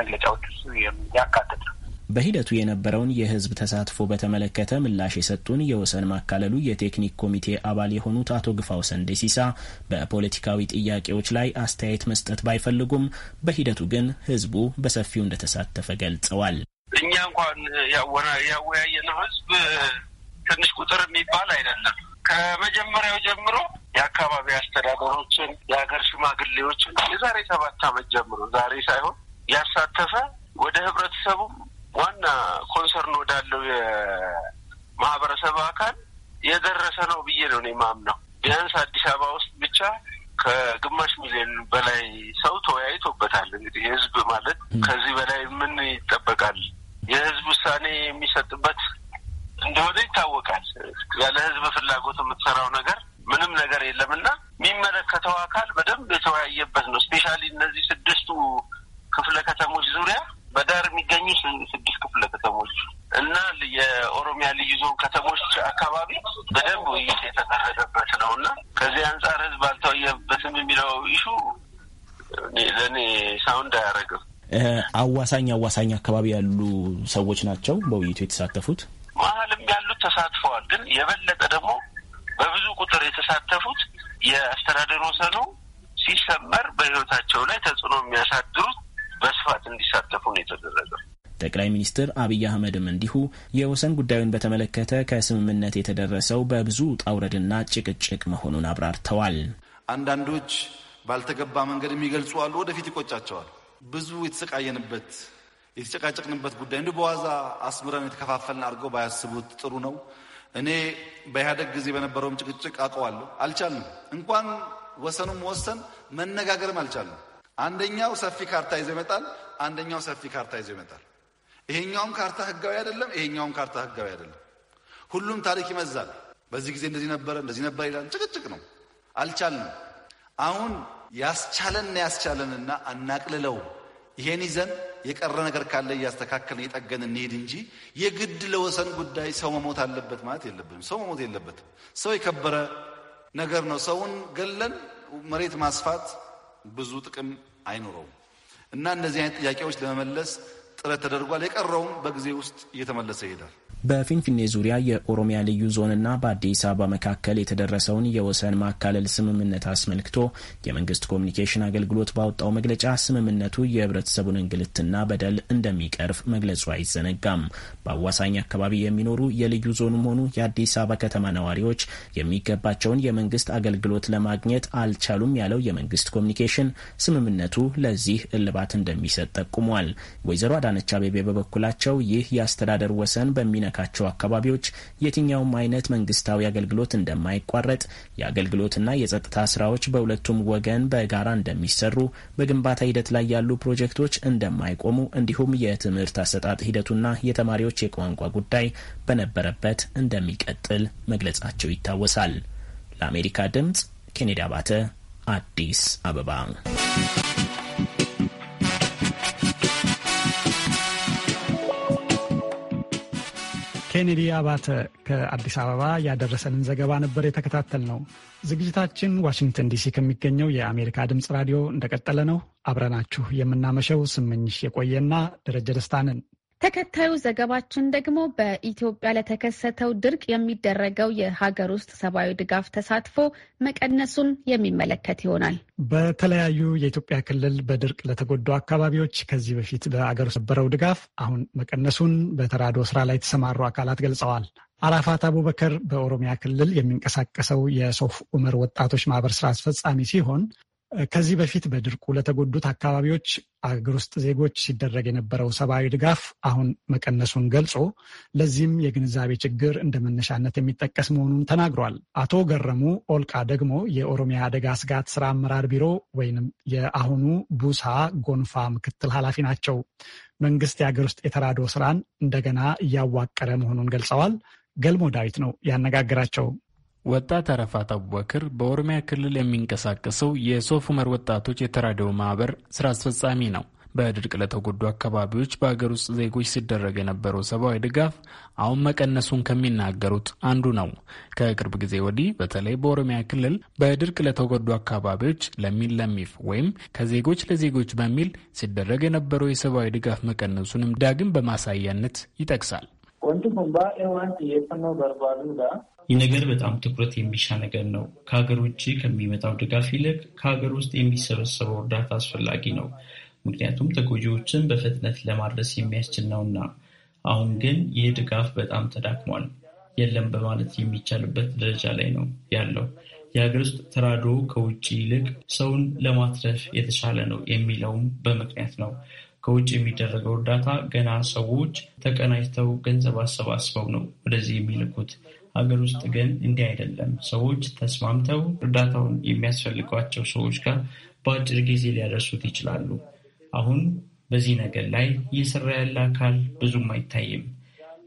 መግለጫዎች ውስጥ ነው። በሂደቱ የነበረውን የህዝብ ተሳትፎ በተመለከተ ምላሽ የሰጡን የወሰን ማካለሉ የቴክኒክ ኮሚቴ አባል የሆኑት አቶ ግፋው ሰንዴሲሳ በፖለቲካዊ ጥያቄዎች ላይ አስተያየት መስጠት ባይፈልጉም በሂደቱ ግን ህዝቡ በሰፊው እንደተሳተፈ ገልጸዋል። እኛ እንኳን ያወያየነው ህዝብ ትንሽ ቁጥር የሚባል አይደለም። ከመጀመሪያው ጀምሮ የአካባቢ አስተዳደሮችን፣ የሀገር ሽማግሌዎችን የዛሬ ሰባት ዓመት ጀምሮ ዛሬ ሳይሆን ያሳተፈ ወደ ህብረተሰቡ ዋና ኮንሰርን ወዳለው የማህበረሰብ አካል የደረሰ ነው ብዬ ነው እኔ ቢያንስ አዲስ አበባ ውስጥ ብቻ ከግማሽ ሚሊዮን በላይ ሰው ተወያይቶበታል። እንግዲህ የህዝብ ማለት ከዚህ በላይ ምን ይጠበቃል? የህዝብ ውሳኔ የሚሰጥበት እንደሆነ ይታወቃል። ያለ ህዝብ ፍላጎት የምትሰራው ነገር ምንም ነገር የለምና የሚመለከተው አካል በደንብ የተወያየበት ነው። ስፔሻሊ እነዚህ ስድስቱ ክፍለ ከተሞች ዙሪያ በዳር የሚገኙ ስድስት ክፍለ ከተሞች እና የኦሮሚያ ልዩ ዞን ከተሞች አካባቢ በደንብ ውይይት የተካሄደበት ነው እና ከዚህ አንጻር ህዝብ አልተወየበትም የሚለው ኢሹ ለእኔ ሳውንድ አያደርግም። አዋሳኝ አዋሳኝ አካባቢ ያሉ ሰዎች ናቸው በውይይቱ የተሳተፉት። መሀልም ያሉት ተሳትፈዋል። ግን የበለጠ ደግሞ በብዙ ቁጥር የተሳተፉት የአስተዳደር ወሰኑ ሲሰመር በህይወታቸው ላይ ተጽዕኖ የሚያሳድሩት በስፋት እንዲሳተፉ ነው የተደረገው። ጠቅላይ ሚኒስትር አብይ አህመድም እንዲሁ የወሰን ጉዳዩን በተመለከተ ከስምምነት የተደረሰው በብዙ ጣውረድና ጭቅጭቅ መሆኑን አብራርተዋል። አንዳንዶች ባልተገባ መንገድ የሚገልጹ አሉ። ወደፊት ይቆጫቸዋል። ብዙ የተሰቃየንበት የተጨቃጨቅንበት ጉዳይ እንዲሁ በዋዛ አስምረን የተከፋፈልን አድርገው ባያስቡት ጥሩ ነው። እኔ በኢህአደግ ጊዜ በነበረውም ጭቅጭቅ አውቀዋለሁ። አልቻልንም። እንኳን ወሰኑም ወሰን መነጋገርም አልቻልንም። አንደኛው ሰፊ ካርታ ይዞ ይመጣል፣ አንደኛው ሰፊ ካርታ ይዞ ይመጣል። ይሄኛውም ካርታ ህጋዊ አይደለም፣ ይሄኛውም ካርታ ህጋዊ አይደለም። ሁሉም ታሪክ ይመዛል። በዚህ ጊዜ እንደዚህ ነበረ፣ እንደዚህ ነበር ይላል። ጭቅጭቅ ነው፣ አልቻልንም። አሁን ያስቻለን ያስቻለንና አናቅልለው። ይሄን ይዘን የቀረ ነገር ካለ እያስተካከልን እየጠገን እንሄድ እንጂ የግድ ለወሰን ጉዳይ ሰው መሞት አለበት ማለት የለብንም። ሰው መሞት የለበትም። ሰው የከበረ ነገር ነው። ሰውን ገለን መሬት ማስፋት ብዙ ጥቅም አይኖረውም እና እነዚህ አይነት ጥያቄዎች ለመመለስ ጥረት ተደርጓል። የቀረውም በጊዜ ውስጥ እየተመለሰ ይሄዳል። በፊንፊኔ ዙሪያ የኦሮሚያ ልዩ ዞንና በአዲስ አበባ መካከል የተደረሰውን የወሰን ማካለል ስምምነት አስመልክቶ የመንግስት ኮሚኒኬሽን አገልግሎት ባወጣው መግለጫ ስምምነቱ የህብረተሰቡን እንግልትና በደል እንደሚቀርፍ መግለጹ አይዘነጋም። በአዋሳኝ አካባቢ የሚኖሩ የልዩ ዞኑም ሆኑ የአዲስ አበባ ከተማ ነዋሪዎች የሚገባቸውን የመንግስት አገልግሎት ለማግኘት አልቻሉም ያለው የመንግስት ኮሚኒኬሽን ስምምነቱ ለዚህ እልባት እንደሚሰጥ ጠቁሟል። ወይዘሮ አዳ አዳነች አቤቤ በበኩላቸው ይህ የአስተዳደር ወሰን በሚነካቸው አካባቢዎች የትኛውም አይነት መንግስታዊ አገልግሎት እንደማይቋረጥ፣ የአገልግሎትና የጸጥታ ስራዎች በሁለቱም ወገን በጋራ እንደሚሰሩ፣ በግንባታ ሂደት ላይ ያሉ ፕሮጀክቶች እንደማይቆሙ፣ እንዲሁም የትምህርት አሰጣጥ ሂደቱና የተማሪዎች የቋንቋ ጉዳይ በነበረበት እንደሚቀጥል መግለጻቸው ይታወሳል። ለአሜሪካ ድምጽ ኬኔዲ አባተ አዲስ አበባ ኬኔዲ አባተ ከአዲስ አበባ ያደረሰንን ዘገባ ነበር የተከታተል ነው። ዝግጅታችን ዋሽንግተን ዲሲ ከሚገኘው የአሜሪካ ድምፅ ራዲዮ እንደቀጠለ ነው። አብረናችሁ የምናመሸው ስምኝሽ የቆየና ደረጀ ደስታ ነን። ተከታዩ ዘገባችን ደግሞ በኢትዮጵያ ለተከሰተው ድርቅ የሚደረገው የሀገር ውስጥ ሰብአዊ ድጋፍ ተሳትፎ መቀነሱን የሚመለከት ይሆናል። በተለያዩ የኢትዮጵያ ክልል በድርቅ ለተጎዱ አካባቢዎች ከዚህ በፊት በአገር ውስጥ ድጋፍ አሁን መቀነሱን በተራድኦ ስራ ላይ የተሰማሩ አካላት ገልጸዋል። አራፋት አቡበከር በኦሮሚያ ክልል የሚንቀሳቀሰው የሶፍ ኡመር ወጣቶች ማህበር ስራ አስፈጻሚ ሲሆን ከዚህ በፊት በድርቁ ለተጎዱት አካባቢዎች አገር ውስጥ ዜጎች ሲደረግ የነበረው ሰብአዊ ድጋፍ አሁን መቀነሱን ገልጾ ለዚህም የግንዛቤ ችግር እንደ መነሻነት የሚጠቀስ መሆኑን ተናግሯል። አቶ ገረሙ ኦልቃ ደግሞ የኦሮሚያ አደጋ ስጋት ስራ አመራር ቢሮ ወይንም የአሁኑ ቡሳ ጎንፋ ምክትል ኃላፊ ናቸው። መንግስት የአገር ውስጥ የተራድኦ ስራን እንደገና እያዋቀረ መሆኑን ገልጸዋል። ገልሞ ዳዊት ነው ያነጋግራቸው። ወጣት አረፋት አቡበክር በኦሮሚያ ክልል የሚንቀሳቀሰው የሶፍ ዑመር ወጣቶች የተራድኦ ማህበር ስራ አስፈጻሚ ነው። በድርቅ ለተጎዱ አካባቢዎች በሀገር ውስጥ ዜጎች ሲደረግ የነበረው ሰብአዊ ድጋፍ አሁን መቀነሱን ከሚናገሩት አንዱ ነው። ከቅርብ ጊዜ ወዲህ በተለይ በኦሮሚያ ክልል በድርቅ ለተጎዱ አካባቢዎች ለሚል ለሚፍ ወይም ከዜጎች ለዜጎች በሚል ሲደረግ የነበረው የሰብአዊ ድጋፍ መቀነሱንም ዳግም በማሳያነት ይጠቅሳል። ወንድም ኩን ዋን ጥየፈኖ ይህ ነገር በጣም ትኩረት የሚሻ ነገር ነው። ከሀገር ውጭ ከሚመጣው ድጋፍ ይልቅ ከሀገር ውስጥ የሚሰበሰበው እርዳታ አስፈላጊ ነው። ምክንያቱም ተጎጂዎችን በፍጥነት ለማድረስ የሚያስችል ነውና። አሁን ግን ይህ ድጋፍ በጣም ተዳክሟል። የለም በማለት የሚቻልበት ደረጃ ላይ ነው ያለው። የሀገር ውስጥ ተራድኦ ከውጭ ይልቅ ሰውን ለማትረፍ የተሻለ ነው የሚለውም በምክንያት ነው። ከውጭ የሚደረገው እርዳታ ገና ሰዎች ተቀናጅተው ገንዘብ አሰባስበው ነው ወደዚህ የሚልኩት። ሀገር ውስጥ ግን እንዲህ አይደለም። ሰዎች ተስማምተው እርዳታውን የሚያስፈልጓቸው ሰዎች ጋር በአጭር ጊዜ ሊያደርሱት ይችላሉ። አሁን በዚህ ነገር ላይ እየሰራ ያለ አካል ብዙም አይታይም።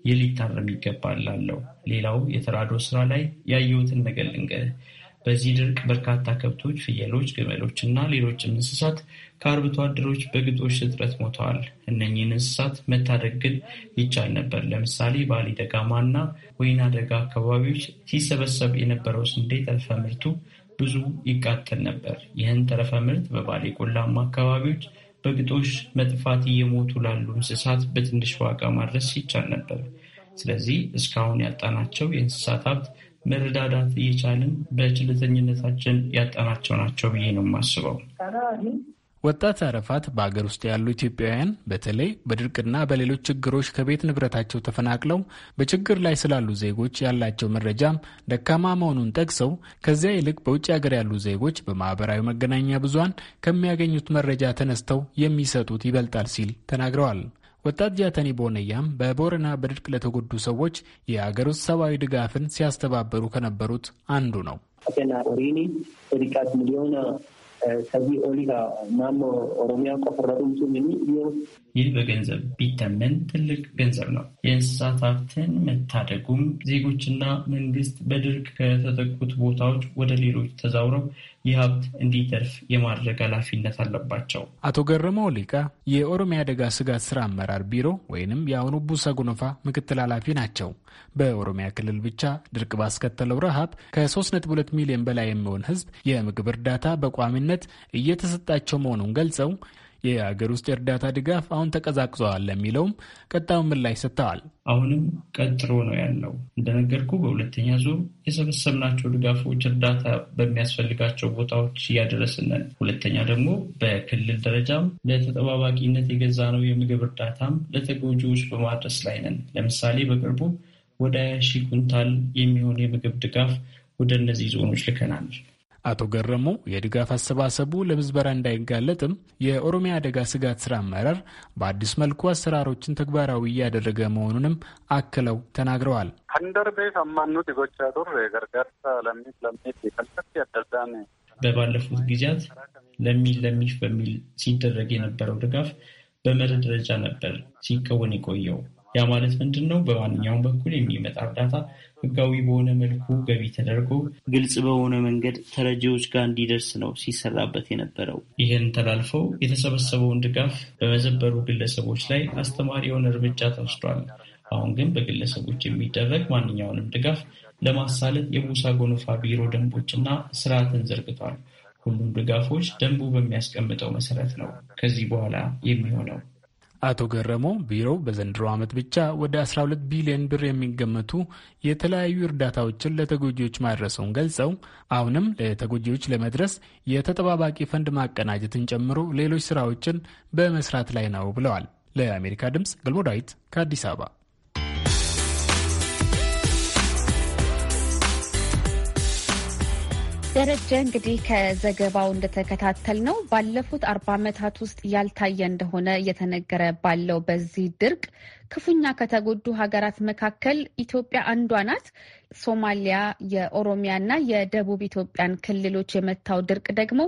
ይህ ሊታረም ይገባል ላለው ሌላው የተራድኦ ስራ ላይ ያየሁትን ነገር ልንገርህ። በዚህ ድርቅ በርካታ ከብቶች፣ ፍየሎች፣ ግመሎች እና ሌሎችም እንስሳት ከአርብቶ አደሮች በግጦሽ እጥረት ሞተዋል። እነኚህን እንስሳት መታደግ ግን ይቻል ነበር። ለምሳሌ ባሌ ደጋማ እና ወይና ደጋ አካባቢዎች ሲሰበሰብ የነበረው ስንዴ ተረፈ ምርቱ ብዙ ይቃተል ነበር። ይህን ተረፈ ምርት በባሌ ቆላማ አካባቢዎች በግጦሽ መጥፋት እየሞቱ ላሉ እንስሳት በትንሽ ዋጋ ማድረስ ይቻል ነበር። ስለዚህ እስካሁን ያጣናቸው የእንስሳት ሀብት መረዳዳት እየቻልን በችልተኝነታችን ያጣናቸው ናቸው ብዬ ነው የማስበው። ወጣት አረፋት በአገር ውስጥ ያሉ ኢትዮጵያውያን በተለይ በድርቅና በሌሎች ችግሮች ከቤት ንብረታቸው ተፈናቅለው በችግር ላይ ስላሉ ዜጎች ያላቸው መረጃም ደካማ መሆኑን ጠቅሰው ከዚያ ይልቅ በውጭ ሀገር ያሉ ዜጎች በማህበራዊ መገናኛ ብዙሃን ከሚያገኙት መረጃ ተነስተው የሚሰጡት ይበልጣል ሲል ተናግረዋል። ወጣት ጃተኒ ቦነያም በቦረና በድርቅ ለተጎዱ ሰዎች የአገር ውስጥ ሰብአዊ ድጋፍን ሲያስተባበሩ ከነበሩት አንዱ ነው። ይህ በገንዘብ ቢተመን ትልቅ ገንዘብ ነው። የእንስሳት ሀብትን መታደጉም ዜጎችና መንግስት በድርቅ ከተጠቁት ቦታዎች ወደ ሌሎች ተዛውረው ይህ ሀብት እንዲተርፍ የማድረግ ኃላፊነት አለባቸው። አቶ ገረመው ሊቃ የኦሮሚያ አደጋ ስጋት ስራ አመራር ቢሮ ወይንም የአሁኑ ቡሳ ጉኖፋ ምክትል ኃላፊ ናቸው። በኦሮሚያ ክልል ብቻ ድርቅ ባስከተለው ረሃብ ከ3.2 ሚሊዮን በላይ የሚሆን ህዝብ የምግብ እርዳታ በቋሚነት እየተሰጣቸው መሆኑን ገልጸው የአገር ውስጥ የእርዳታ ድጋፍ አሁን ተቀዛቅዘዋል ለሚለውም ቀጣዩን ምላሽ ሰጥተዋል። አሁንም ቀጥሮ ነው ያለው። እንደነገርኩ በሁለተኛ ዙር የሰበሰብናቸው ድጋፎች እርዳታ በሚያስፈልጋቸው ቦታዎች እያደረስነን፣ ሁለተኛ ደግሞ በክልል ደረጃም ለተጠባባቂነት የገዛ ነው የምግብ እርዳታም ለተጎጂዎች በማድረስ ላይ ነን። ለምሳሌ በቅርቡ ወደ ሺህ ኩንታል የሚሆን የምግብ ድጋፍ ወደ እነዚህ ዞኖች ልከናል። አቶ ገረሙ የድጋፍ አሰባሰቡ ለምዝበራ እንዳይጋለጥም የኦሮሚያ አደጋ ስጋት ስራ አመራር በአዲስ መልኩ አሰራሮችን ተግባራዊ እያደረገ መሆኑንም አክለው ተናግረዋል። ከንደርቤ ከማኑት ጎቻቱር ገርጋርሳ ለሚት ለሚት ያደርዳን በባለፉት ጊዜያት ለሚል ለሚሽ በሚል ሲደረግ የነበረው ድጋፍ በመርህ ደረጃ ነበር ሲከወን የቆየው። ያ ማለት ምንድን ነው? በማንኛውም በኩል የሚመጣ እርዳታ ህጋዊ በሆነ መልኩ ገቢ ተደርጎ ግልጽ በሆነ መንገድ ተረጂዎች ጋር እንዲደርስ ነው ሲሰራበት የነበረው። ይህን ተላልፈው የተሰበሰበውን ድጋፍ በመዘበሩ ግለሰቦች ላይ አስተማሪ የሆነ እርምጃ ተወስዷል። አሁን ግን በግለሰቦች የሚደረግ ማንኛውንም ድጋፍ ለማሳለጥ የሙሳ ጎኖፋ ቢሮ ደንቦችና ስርዓትን ዘርግቷል። ሁሉም ድጋፎች ደንቡ በሚያስቀምጠው መሰረት ነው ከዚህ በኋላ የሚሆነው። አቶ ገረሞ ቢሮው በዘንድሮ ዓመት ብቻ ወደ 12 ቢሊዮን ብር የሚገመቱ የተለያዩ እርዳታዎችን ለተጎጂዎች ማድረሰውን ገልጸው አሁንም ለተጎጂዎች ለመድረስ የተጠባባቂ ፈንድ ማቀናጀትን ጨምሮ ሌሎች ስራዎችን በመስራት ላይ ነው ብለዋል። ለአሜሪካ ድምፅ ገልሞ ዳዊት ከአዲስ አበባ ደረጀ እንግዲህ ከዘገባው እንደተከታተል ነው ባለፉት አርባ ዓመታት ውስጥ ያልታየ እንደሆነ እየተነገረ ባለው በዚህ ድርቅ ክፉኛ ከተጎዱ ሀገራት መካከል ኢትዮጵያ አንዷ ናት። ሶማሊያ፣ የኦሮሚያ ና የደቡብ ኢትዮጵያን ክልሎች የመታው ድርቅ ደግሞ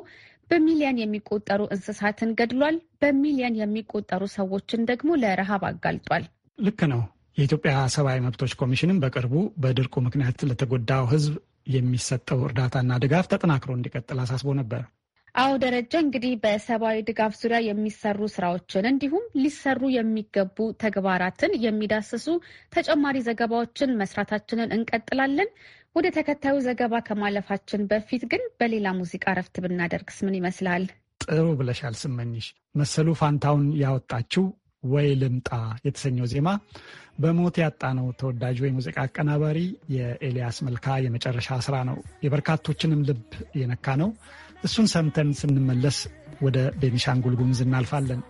በሚሊየን የሚቆጠሩ እንስሳትን ገድሏል። በሚሊየን የሚቆጠሩ ሰዎችን ደግሞ ለረሃብ አጋልጧል። ልክ ነው። የኢትዮጵያ ሰብአዊ መብቶች ኮሚሽንም በቅርቡ በድርቁ ምክንያት ለተጎዳው ሕዝብ የሚሰጠው እርዳታና ድጋፍ ተጠናክሮ እንዲቀጥል አሳስቦ ነበር። አዎ ደረጀ፣ እንግዲህ በሰብአዊ ድጋፍ ዙሪያ የሚሰሩ ስራዎችን እንዲሁም ሊሰሩ የሚገቡ ተግባራትን የሚዳስሱ ተጨማሪ ዘገባዎችን መስራታችንን እንቀጥላለን። ወደ ተከታዩ ዘገባ ከማለፋችን በፊት ግን በሌላ ሙዚቃ ረፍት ብናደርግስ ምን ይመስላል? ጥሩ ብለሻል ስመኝሽ። መሰሉ ፋንታውን ያወጣችው ወይ ልምጣ የተሰኘው ዜማ በሞት ያጣነው ተወዳጁ የሙዚቃ አቀናባሪ የኤልያስ መልካ የመጨረሻ ስራ ነው። የበርካቶችንም ልብ የነካ ነው። እሱን ሰምተን ስንመለስ ወደ ቤኒሻንጉል ጉሙዝ እናልፋለን።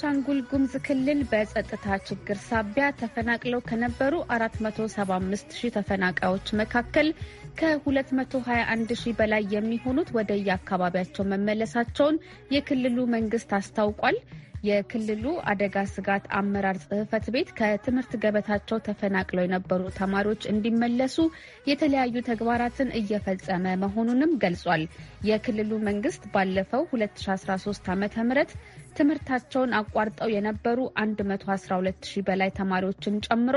በቤኒሻንጉል ጉምዝ ክልል በጸጥታ ችግር ሳቢያ ተፈናቅለው ከነበሩ 475 ሺህ ተፈናቃዮች መካከል ከ221 ሺህ በላይ የሚሆኑት ወደ የአካባቢያቸው መመለሳቸውን የክልሉ መንግስት አስታውቋል። የክልሉ አደጋ ስጋት አመራር ጽህፈት ቤት ከትምህርት ገበታቸው ተፈናቅለው የነበሩ ተማሪዎች እንዲመለሱ የተለያዩ ተግባራትን እየፈጸመ መሆኑንም ገልጿል። የክልሉ መንግስት ባለፈው 2013 ም ትምህርታቸውን አቋርጠው የነበሩ 112 ሺህ በላይ ተማሪዎችን ጨምሮ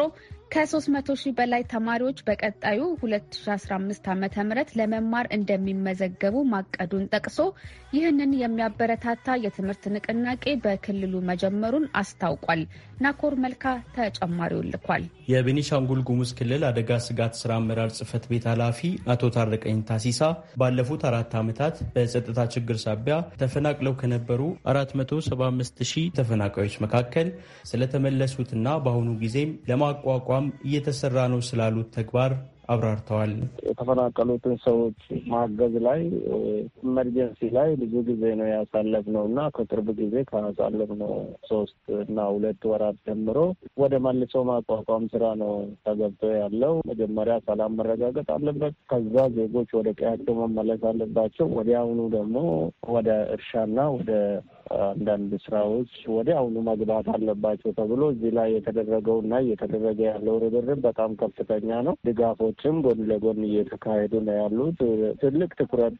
ከ300 ሺህ በላይ ተማሪዎች በቀጣዩ 2015 ዓ ም ለመማር እንደሚመዘገቡ ማቀዱን ጠቅሶ ይህንን የሚያበረታታ የትምህርት ንቅናቄ በክልሉ መጀመሩን አስታውቋል። ናኮር መልካ ተጨማሪውን ልኳል። የቤኒሻንጉል ጉሙዝ ክልል አደጋ ስጋት ስራ አመራር ጽህፈት ቤት ኃላፊ አቶ ታረቀኝ ታሲሳ ባለፉት አራት ዓመታት በጸጥታ ችግር ሳቢያ ተፈናቅለው ከነበሩ 475 ሺህ ተፈናቃዮች መካከል ስለተመለሱትና በአሁኑ ጊዜም ለማቋቋም ተቋም እየተሰራ ነው ስላሉት ተግባር አብራርተዋል። የተፈናቀሉትን ሰዎች ማገዝ ላይ ኢመርጀንሲ ላይ ብዙ ጊዜ ነው ያሳለፍነው እና ከቅርብ ጊዜ ካሳለፍነው ሶስት እና ሁለት ወራት ጀምሮ ወደ መልሶ ማቋቋም ስራ ነው ተገብቶ ያለው። መጀመሪያ ሰላም መረጋገጥ አለበት። ከዛ ዜጎች ወደ ቀያቸው መመለስ አለባቸው። ወዲያውኑ ደግሞ ወደ እርሻና ወደ አንዳንድ ስራዎች ወዲያውኑ መግባት አለባቸው ተብሎ እዚህ ላይ የተደረገው እና እየተደረገ ያለው ርብርብ በጣም ከፍተኛ ነው። ድጋፎችም ጎን ለጎን እየተካሄዱ ነው ያሉት። ትልቅ ትኩረት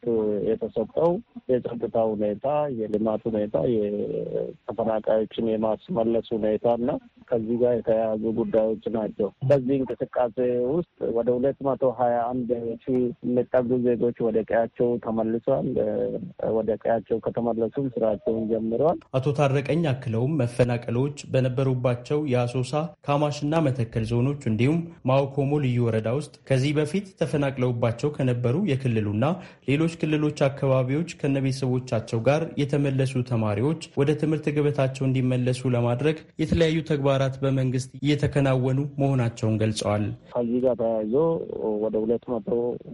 የተሰጠው የጸጥታ ሁኔታ፣ የልማት ሁኔታ፣ የተፈናቃዮችን የማስመለስ ሁኔታ እና ከዚህ ጋር የተያያዙ ጉዳዮች ናቸው። በዚህ እንቅስቃሴ ውስጥ ወደ ሁለት መቶ ሀያ አንድ ሺህ የሚጠጉ ዜጎች ወደ ቀያቸው ተመልሷል። ወደ ቀያቸው ከተመለሱም ስራቸውን ጀምረዋል። አቶ ታረቀኝ አክለውም መፈናቀሎች በነበሩባቸው የአሶሳ ካማሽና መተከል ዞኖች እንዲሁም ማኦኮሞ ልዩ ወረዳ ውስጥ ከዚህ በፊት ተፈናቅለውባቸው ከነበሩ የክልሉና ሌሎች ክልሎች አካባቢዎች ከነቤተሰቦቻቸው ጋር የተመለሱ ተማሪዎች ወደ ትምህርት ገበታቸው እንዲመለሱ ለማድረግ የተለያዩ ተግባራ ተግባራት በመንግስት እየተከናወኑ መሆናቸውን ገልጸዋል። ከዚህ ጋር ተያይዞ ወደ ሁለት መቶ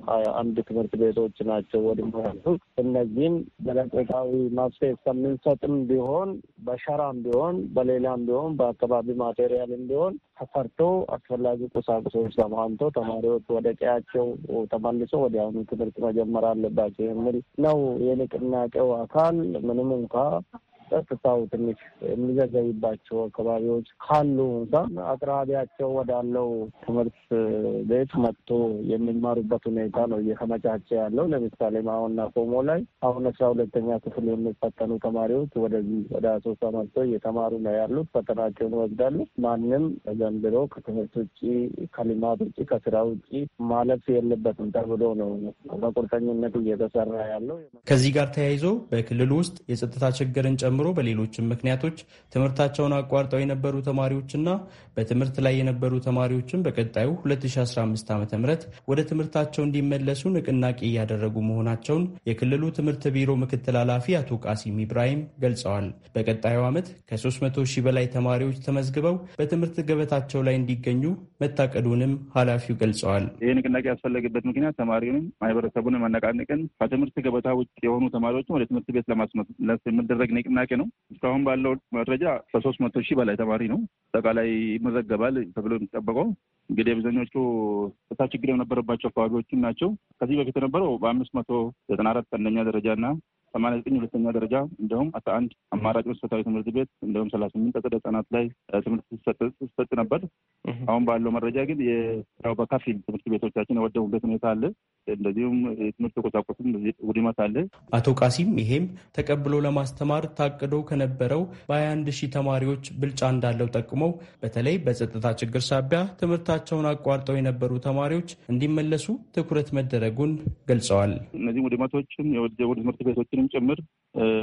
ሀያ አንድ ትምህርት ቤቶች ናቸው ወድሞ ያሉት። እነዚህም በለቆታዊ መፍትሄ ከምንሰጥም ቢሆን በሸራም ቢሆን በሌላም ቢሆን በአካባቢ ማቴሪያልም ቢሆን ተፈርቶ አስፈላጊ ቁሳቁሶች ተሟልቶ ተማሪዎች ወደ ቀያቸው ተመልሶ ወዲያውኑ ትምህርት መጀመር አለባቸው የሚል ነው የንቅናቄው አካል ምንም እንኳ ጸጥታው ትንሽ የሚዘገይባቸው አካባቢዎች ካሉ እንኳ አቅራቢያቸው ወዳለው ትምህርት ቤት መጥቶ የሚማሩበት ሁኔታ ነው እየተመቻቸ ያለው። ለምሳሌ ማሆና ኮሞ ላይ አሁን አስራ ሁለተኛ ክፍል የሚፈተኑ ተማሪዎች ወደዚህ ወደ ሶስት መጥቶ እየተማሩ ነው ያሉት። ፈተናቸውን ይወስዳሉ። ማንም ዘንድሮ ከትምህርት ውጭ፣ ከልማት ውጭ፣ ከስራ ውጭ ማለፍ የለበትም ተብሎ ነው በቁርጠኝነት እየተሰራ ያለው። ከዚህ ጋር ተያይዞ በክልሉ ውስጥ የጸጥታ ችግርን ጨምሮ ጨምሮ በሌሎችም ምክንያቶች ትምህርታቸውን አቋርጠው የነበሩ ተማሪዎችና በትምህርት ላይ የነበሩ ተማሪዎችን በቀጣዩ 2015 ዓ ም ወደ ትምህርታቸው እንዲመለሱ ንቅናቄ እያደረጉ መሆናቸውን የክልሉ ትምህርት ቢሮ ምክትል ኃላፊ አቶ ቃሲም ኢብራሂም ገልጸዋል። በቀጣዩ ዓመት ከ300 ሺህ በላይ ተማሪዎች ተመዝግበው በትምህርት ገበታቸው ላይ እንዲገኙ መታቀዱንም ኃላፊው ገልጸዋል። ይህ ንቅናቄ ያስፈለገበት ምክንያት ተማሪውንም ማህበረሰቡንም አነቃንቀን ከትምህርት ገበታ ውጭ የሆኑ ተማሪዎችን ወደ ትምህርት ቤት ለማስመለስ የምደረግ ንቅናቄ ነው። እስካሁን ባለው መረጃ ከ300 ሺህ በላይ ተማሪ ነው አጠቃላይ ይመዘገባል ተብሎ የሚጠበቀው እንግዲህ አብዛኞቹ እታ ችግር የነበረባቸው አካባቢዎችም ናቸው። ከዚህ በፊት የነበረው በአምስት መቶ ዘጠና አራት አንደኛ ደረጃ እና ሰማንያ ዘጠኝ ሁለተኛ ደረጃ እንዲሁም አስራ አንድ አማራጭ መስፈታዊ ትምህርት ቤት እንዲሁም ሰላሳ ስምንት አጸደ ህጻናት ላይ ትምህርት ሲሰጥ ነበር። አሁን ባለው መረጃ ግን ያው በከፊል ትምህርት ቤቶቻችን የወደሙበት ሁኔታ አለ። እንደዚሁም የትምህርት ቁሳቁስም ውድመት አለ። አቶ ቃሲም ይሄም ተቀብሎ ለማስተማር ታቅዶ ከነበረው በሀያ አንድ ሺህ ተማሪዎች ብልጫ እንዳለው ጠቁመው በተለይ በጸጥታ ችግር ሳቢያ ትምህርታቸውን አቋርጠው የነበሩ ተማሪዎች እንዲመለሱ ትኩረት መደረጉን ገልጸዋል። እነዚህም ውድመቶችም የወደሙ ትምህርት ቤቶችን ጭምር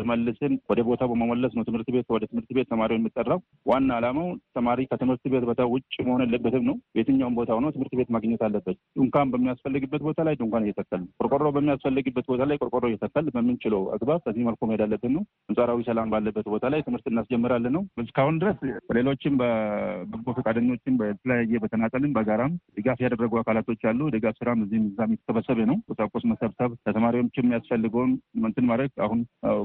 መልስን ወደ ቦታ በመመለስ ነው። ትምህርት ቤት ወደ ትምህርት ቤት ተማሪው የሚጠራው ዋና አላማው ተማሪ ከትምህርት ቤት ቦታ ውጭ መሆን የለበትም ነው። የትኛውም ቦታ ሆኖ ትምህርት ቤት ማግኘት አለበት። ድንኳን በሚያስፈልግበት ቦታ ላይ ድንኳን እየተከል፣ ቆርቆሮ በሚያስፈልግበት ቦታ ላይ ቆርቆሮ እየተከል በምንችለው አግባብ በዚህ መልኩ መሄድ አለብን ነው። አንጻራዊ ሰላም ባለበት ቦታ ላይ ትምህርት እናስጀምራለን ነው። እስካሁን ድረስ ሌሎችም በበጎ ፈቃደኞችም በተለያየ በተናጠልም በጋራም ድጋፍ ያደረጉ አካላቶች አሉ። ድጋፍ ስራም እዚህም እዛም የተሰበሰበ ነው። ቁሳቁስ መሰብሰብ ለተማሪዎች የሚያስፈልገውን እንትን ማድረግ አሁን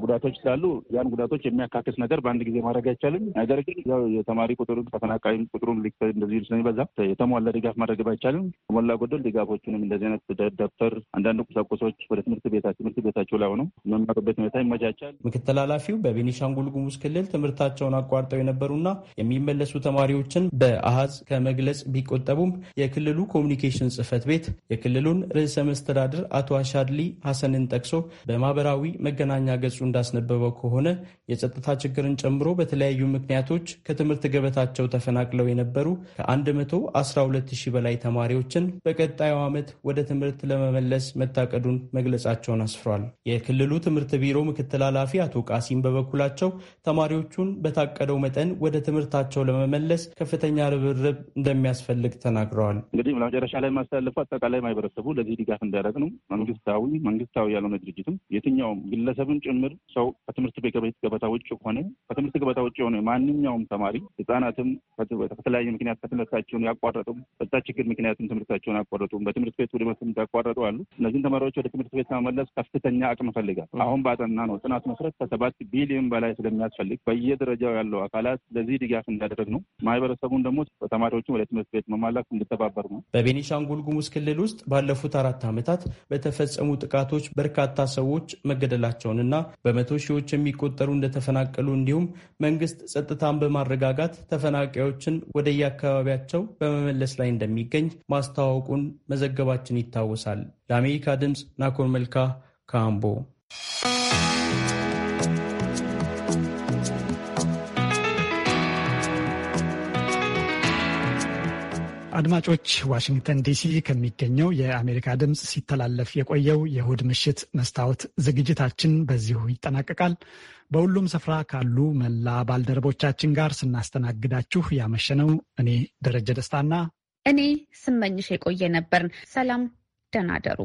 ጉዳቶች ስላሉ ያን ጉዳቶች የሚያካክስ ነገር በአንድ ጊዜ ማድረግ አይቻልም። ነገር ግን ያው የተማሪ ቁጥሩ ተፈናቃይ ቁጥሩ እንደዚህ ስለሚበዛ የተሟላ ድጋፍ ማድረግ ባይቻልም። ሞላ ጎደል ድጋፎችንም እንደዚህ አይነት ደብተር፣ አንዳንድ ቁሳቁሶች ወደ ትምህርት ቤታ ትምህርት ቤታቸው ላይ ሆነው የሚማሩበት ሁኔታ ይመቻቻል። ምክትል ኃላፊው በቤኒሻንጉል ጉሙዝ ክልል ትምህርታቸውን አቋርጠው የነበሩና የሚመለሱ ተማሪዎችን በአሃዝ ከመግለጽ ቢቆጠቡም የክልሉ ኮሚኒኬሽን ጽህፈት ቤት የክልሉን ርዕሰ መስተዳድር አቶ አሻድሊ ሀሰንን ጠቅሶ በማህበራዊ መገናኛ ገጹ እንዳስነበበው ከሆነ የጸጥታ ችግርን ጨምሮ በተለያዩ ምክንያቶች ከትምህርት ገበታቸው ተፈናቅለው የነበሩ ከ112 በላይ ተማሪዎችን በቀጣዩ ዓመት ወደ ትምህርት ለመመለስ መታቀዱን መግለጻቸውን አስፍሯል። የክልሉ ትምህርት ቢሮ ምክትል ኃላፊ አቶ ቃሲም በበኩላቸው ተማሪዎቹን በታቀደው መጠን ወደ ትምህርታቸው ለመመለስ ከፍተኛ ርብርብ እንደሚያስፈልግ ተናግረዋል። እንግዲህ መጨረሻ ላይ ማስተላለፉ አጠቃላይ ማህበረሰቡ ለዚህ ድጋፍ እንዲያደርግ ነው። መንግስታዊ መንግስታዊ ያልሆነ ድርጅትም የትኛውም ግለሰብን ጭምር ክፍል ሰው ከትምህርት ቤት ገበታ ውጭ ሆነ ከትምህርት ገበታ ውጭ የሆነ ማንኛውም ተማሪ ህጻናትም ከተለያዩ ምክንያት ከትምህርታቸውን ያቋረጡም በዛ ችግር ምክንያትም ትምህርታቸውን ያቋረጡም በትምህርት ቤት ውድመትም ትምህርት ያቋረጡ አሉ። እነዚህን ተማሪዎች ወደ ትምህርት ቤት ለመመለስ ከፍተኛ አቅም ይፈልጋል። አሁን ባጠና ነው ጥናት መሰረት ከሰባት ቢሊዮን በላይ ስለሚያስፈልግ በየደረጃው ያለው አካላት ለዚህ ድጋፍ እንዳደረግ ነው። ማህበረሰቡን ደግሞ ተማሪዎችን ወደ ትምህርት ቤት መማላክ እንድተባበር ነው። በቤኒሻንጉል ጉሙዝ ክልል ውስጥ ባለፉት አራት ዓመታት በተፈጸሙ ጥቃቶች በርካታ ሰዎች መገደላቸውንና በመቶ ሺዎች የሚቆጠሩ እንደተፈናቀሉ እንዲሁም መንግስት ጸጥታን በማረጋጋት ተፈናቃዮችን ወደየአካባቢያቸው በመመለስ ላይ እንደሚገኝ ማስታወቁን መዘገባችን ይታወሳል። ለአሜሪካ ድምፅ ናኮር መልካ ካምቦ አድማጮች፣ ዋሽንግተን ዲሲ ከሚገኘው የአሜሪካ ድምፅ ሲተላለፍ የቆየው የእሁድ ምሽት መስታወት ዝግጅታችን በዚሁ ይጠናቀቃል። በሁሉም ስፍራ ካሉ መላ ባልደረቦቻችን ጋር ስናስተናግዳችሁ ያመሸነው እኔ ደረጀ ደስታና እኔ ስመኝሽ የቆየ ነበርን። ሰላም፣ ደህና እደሩ።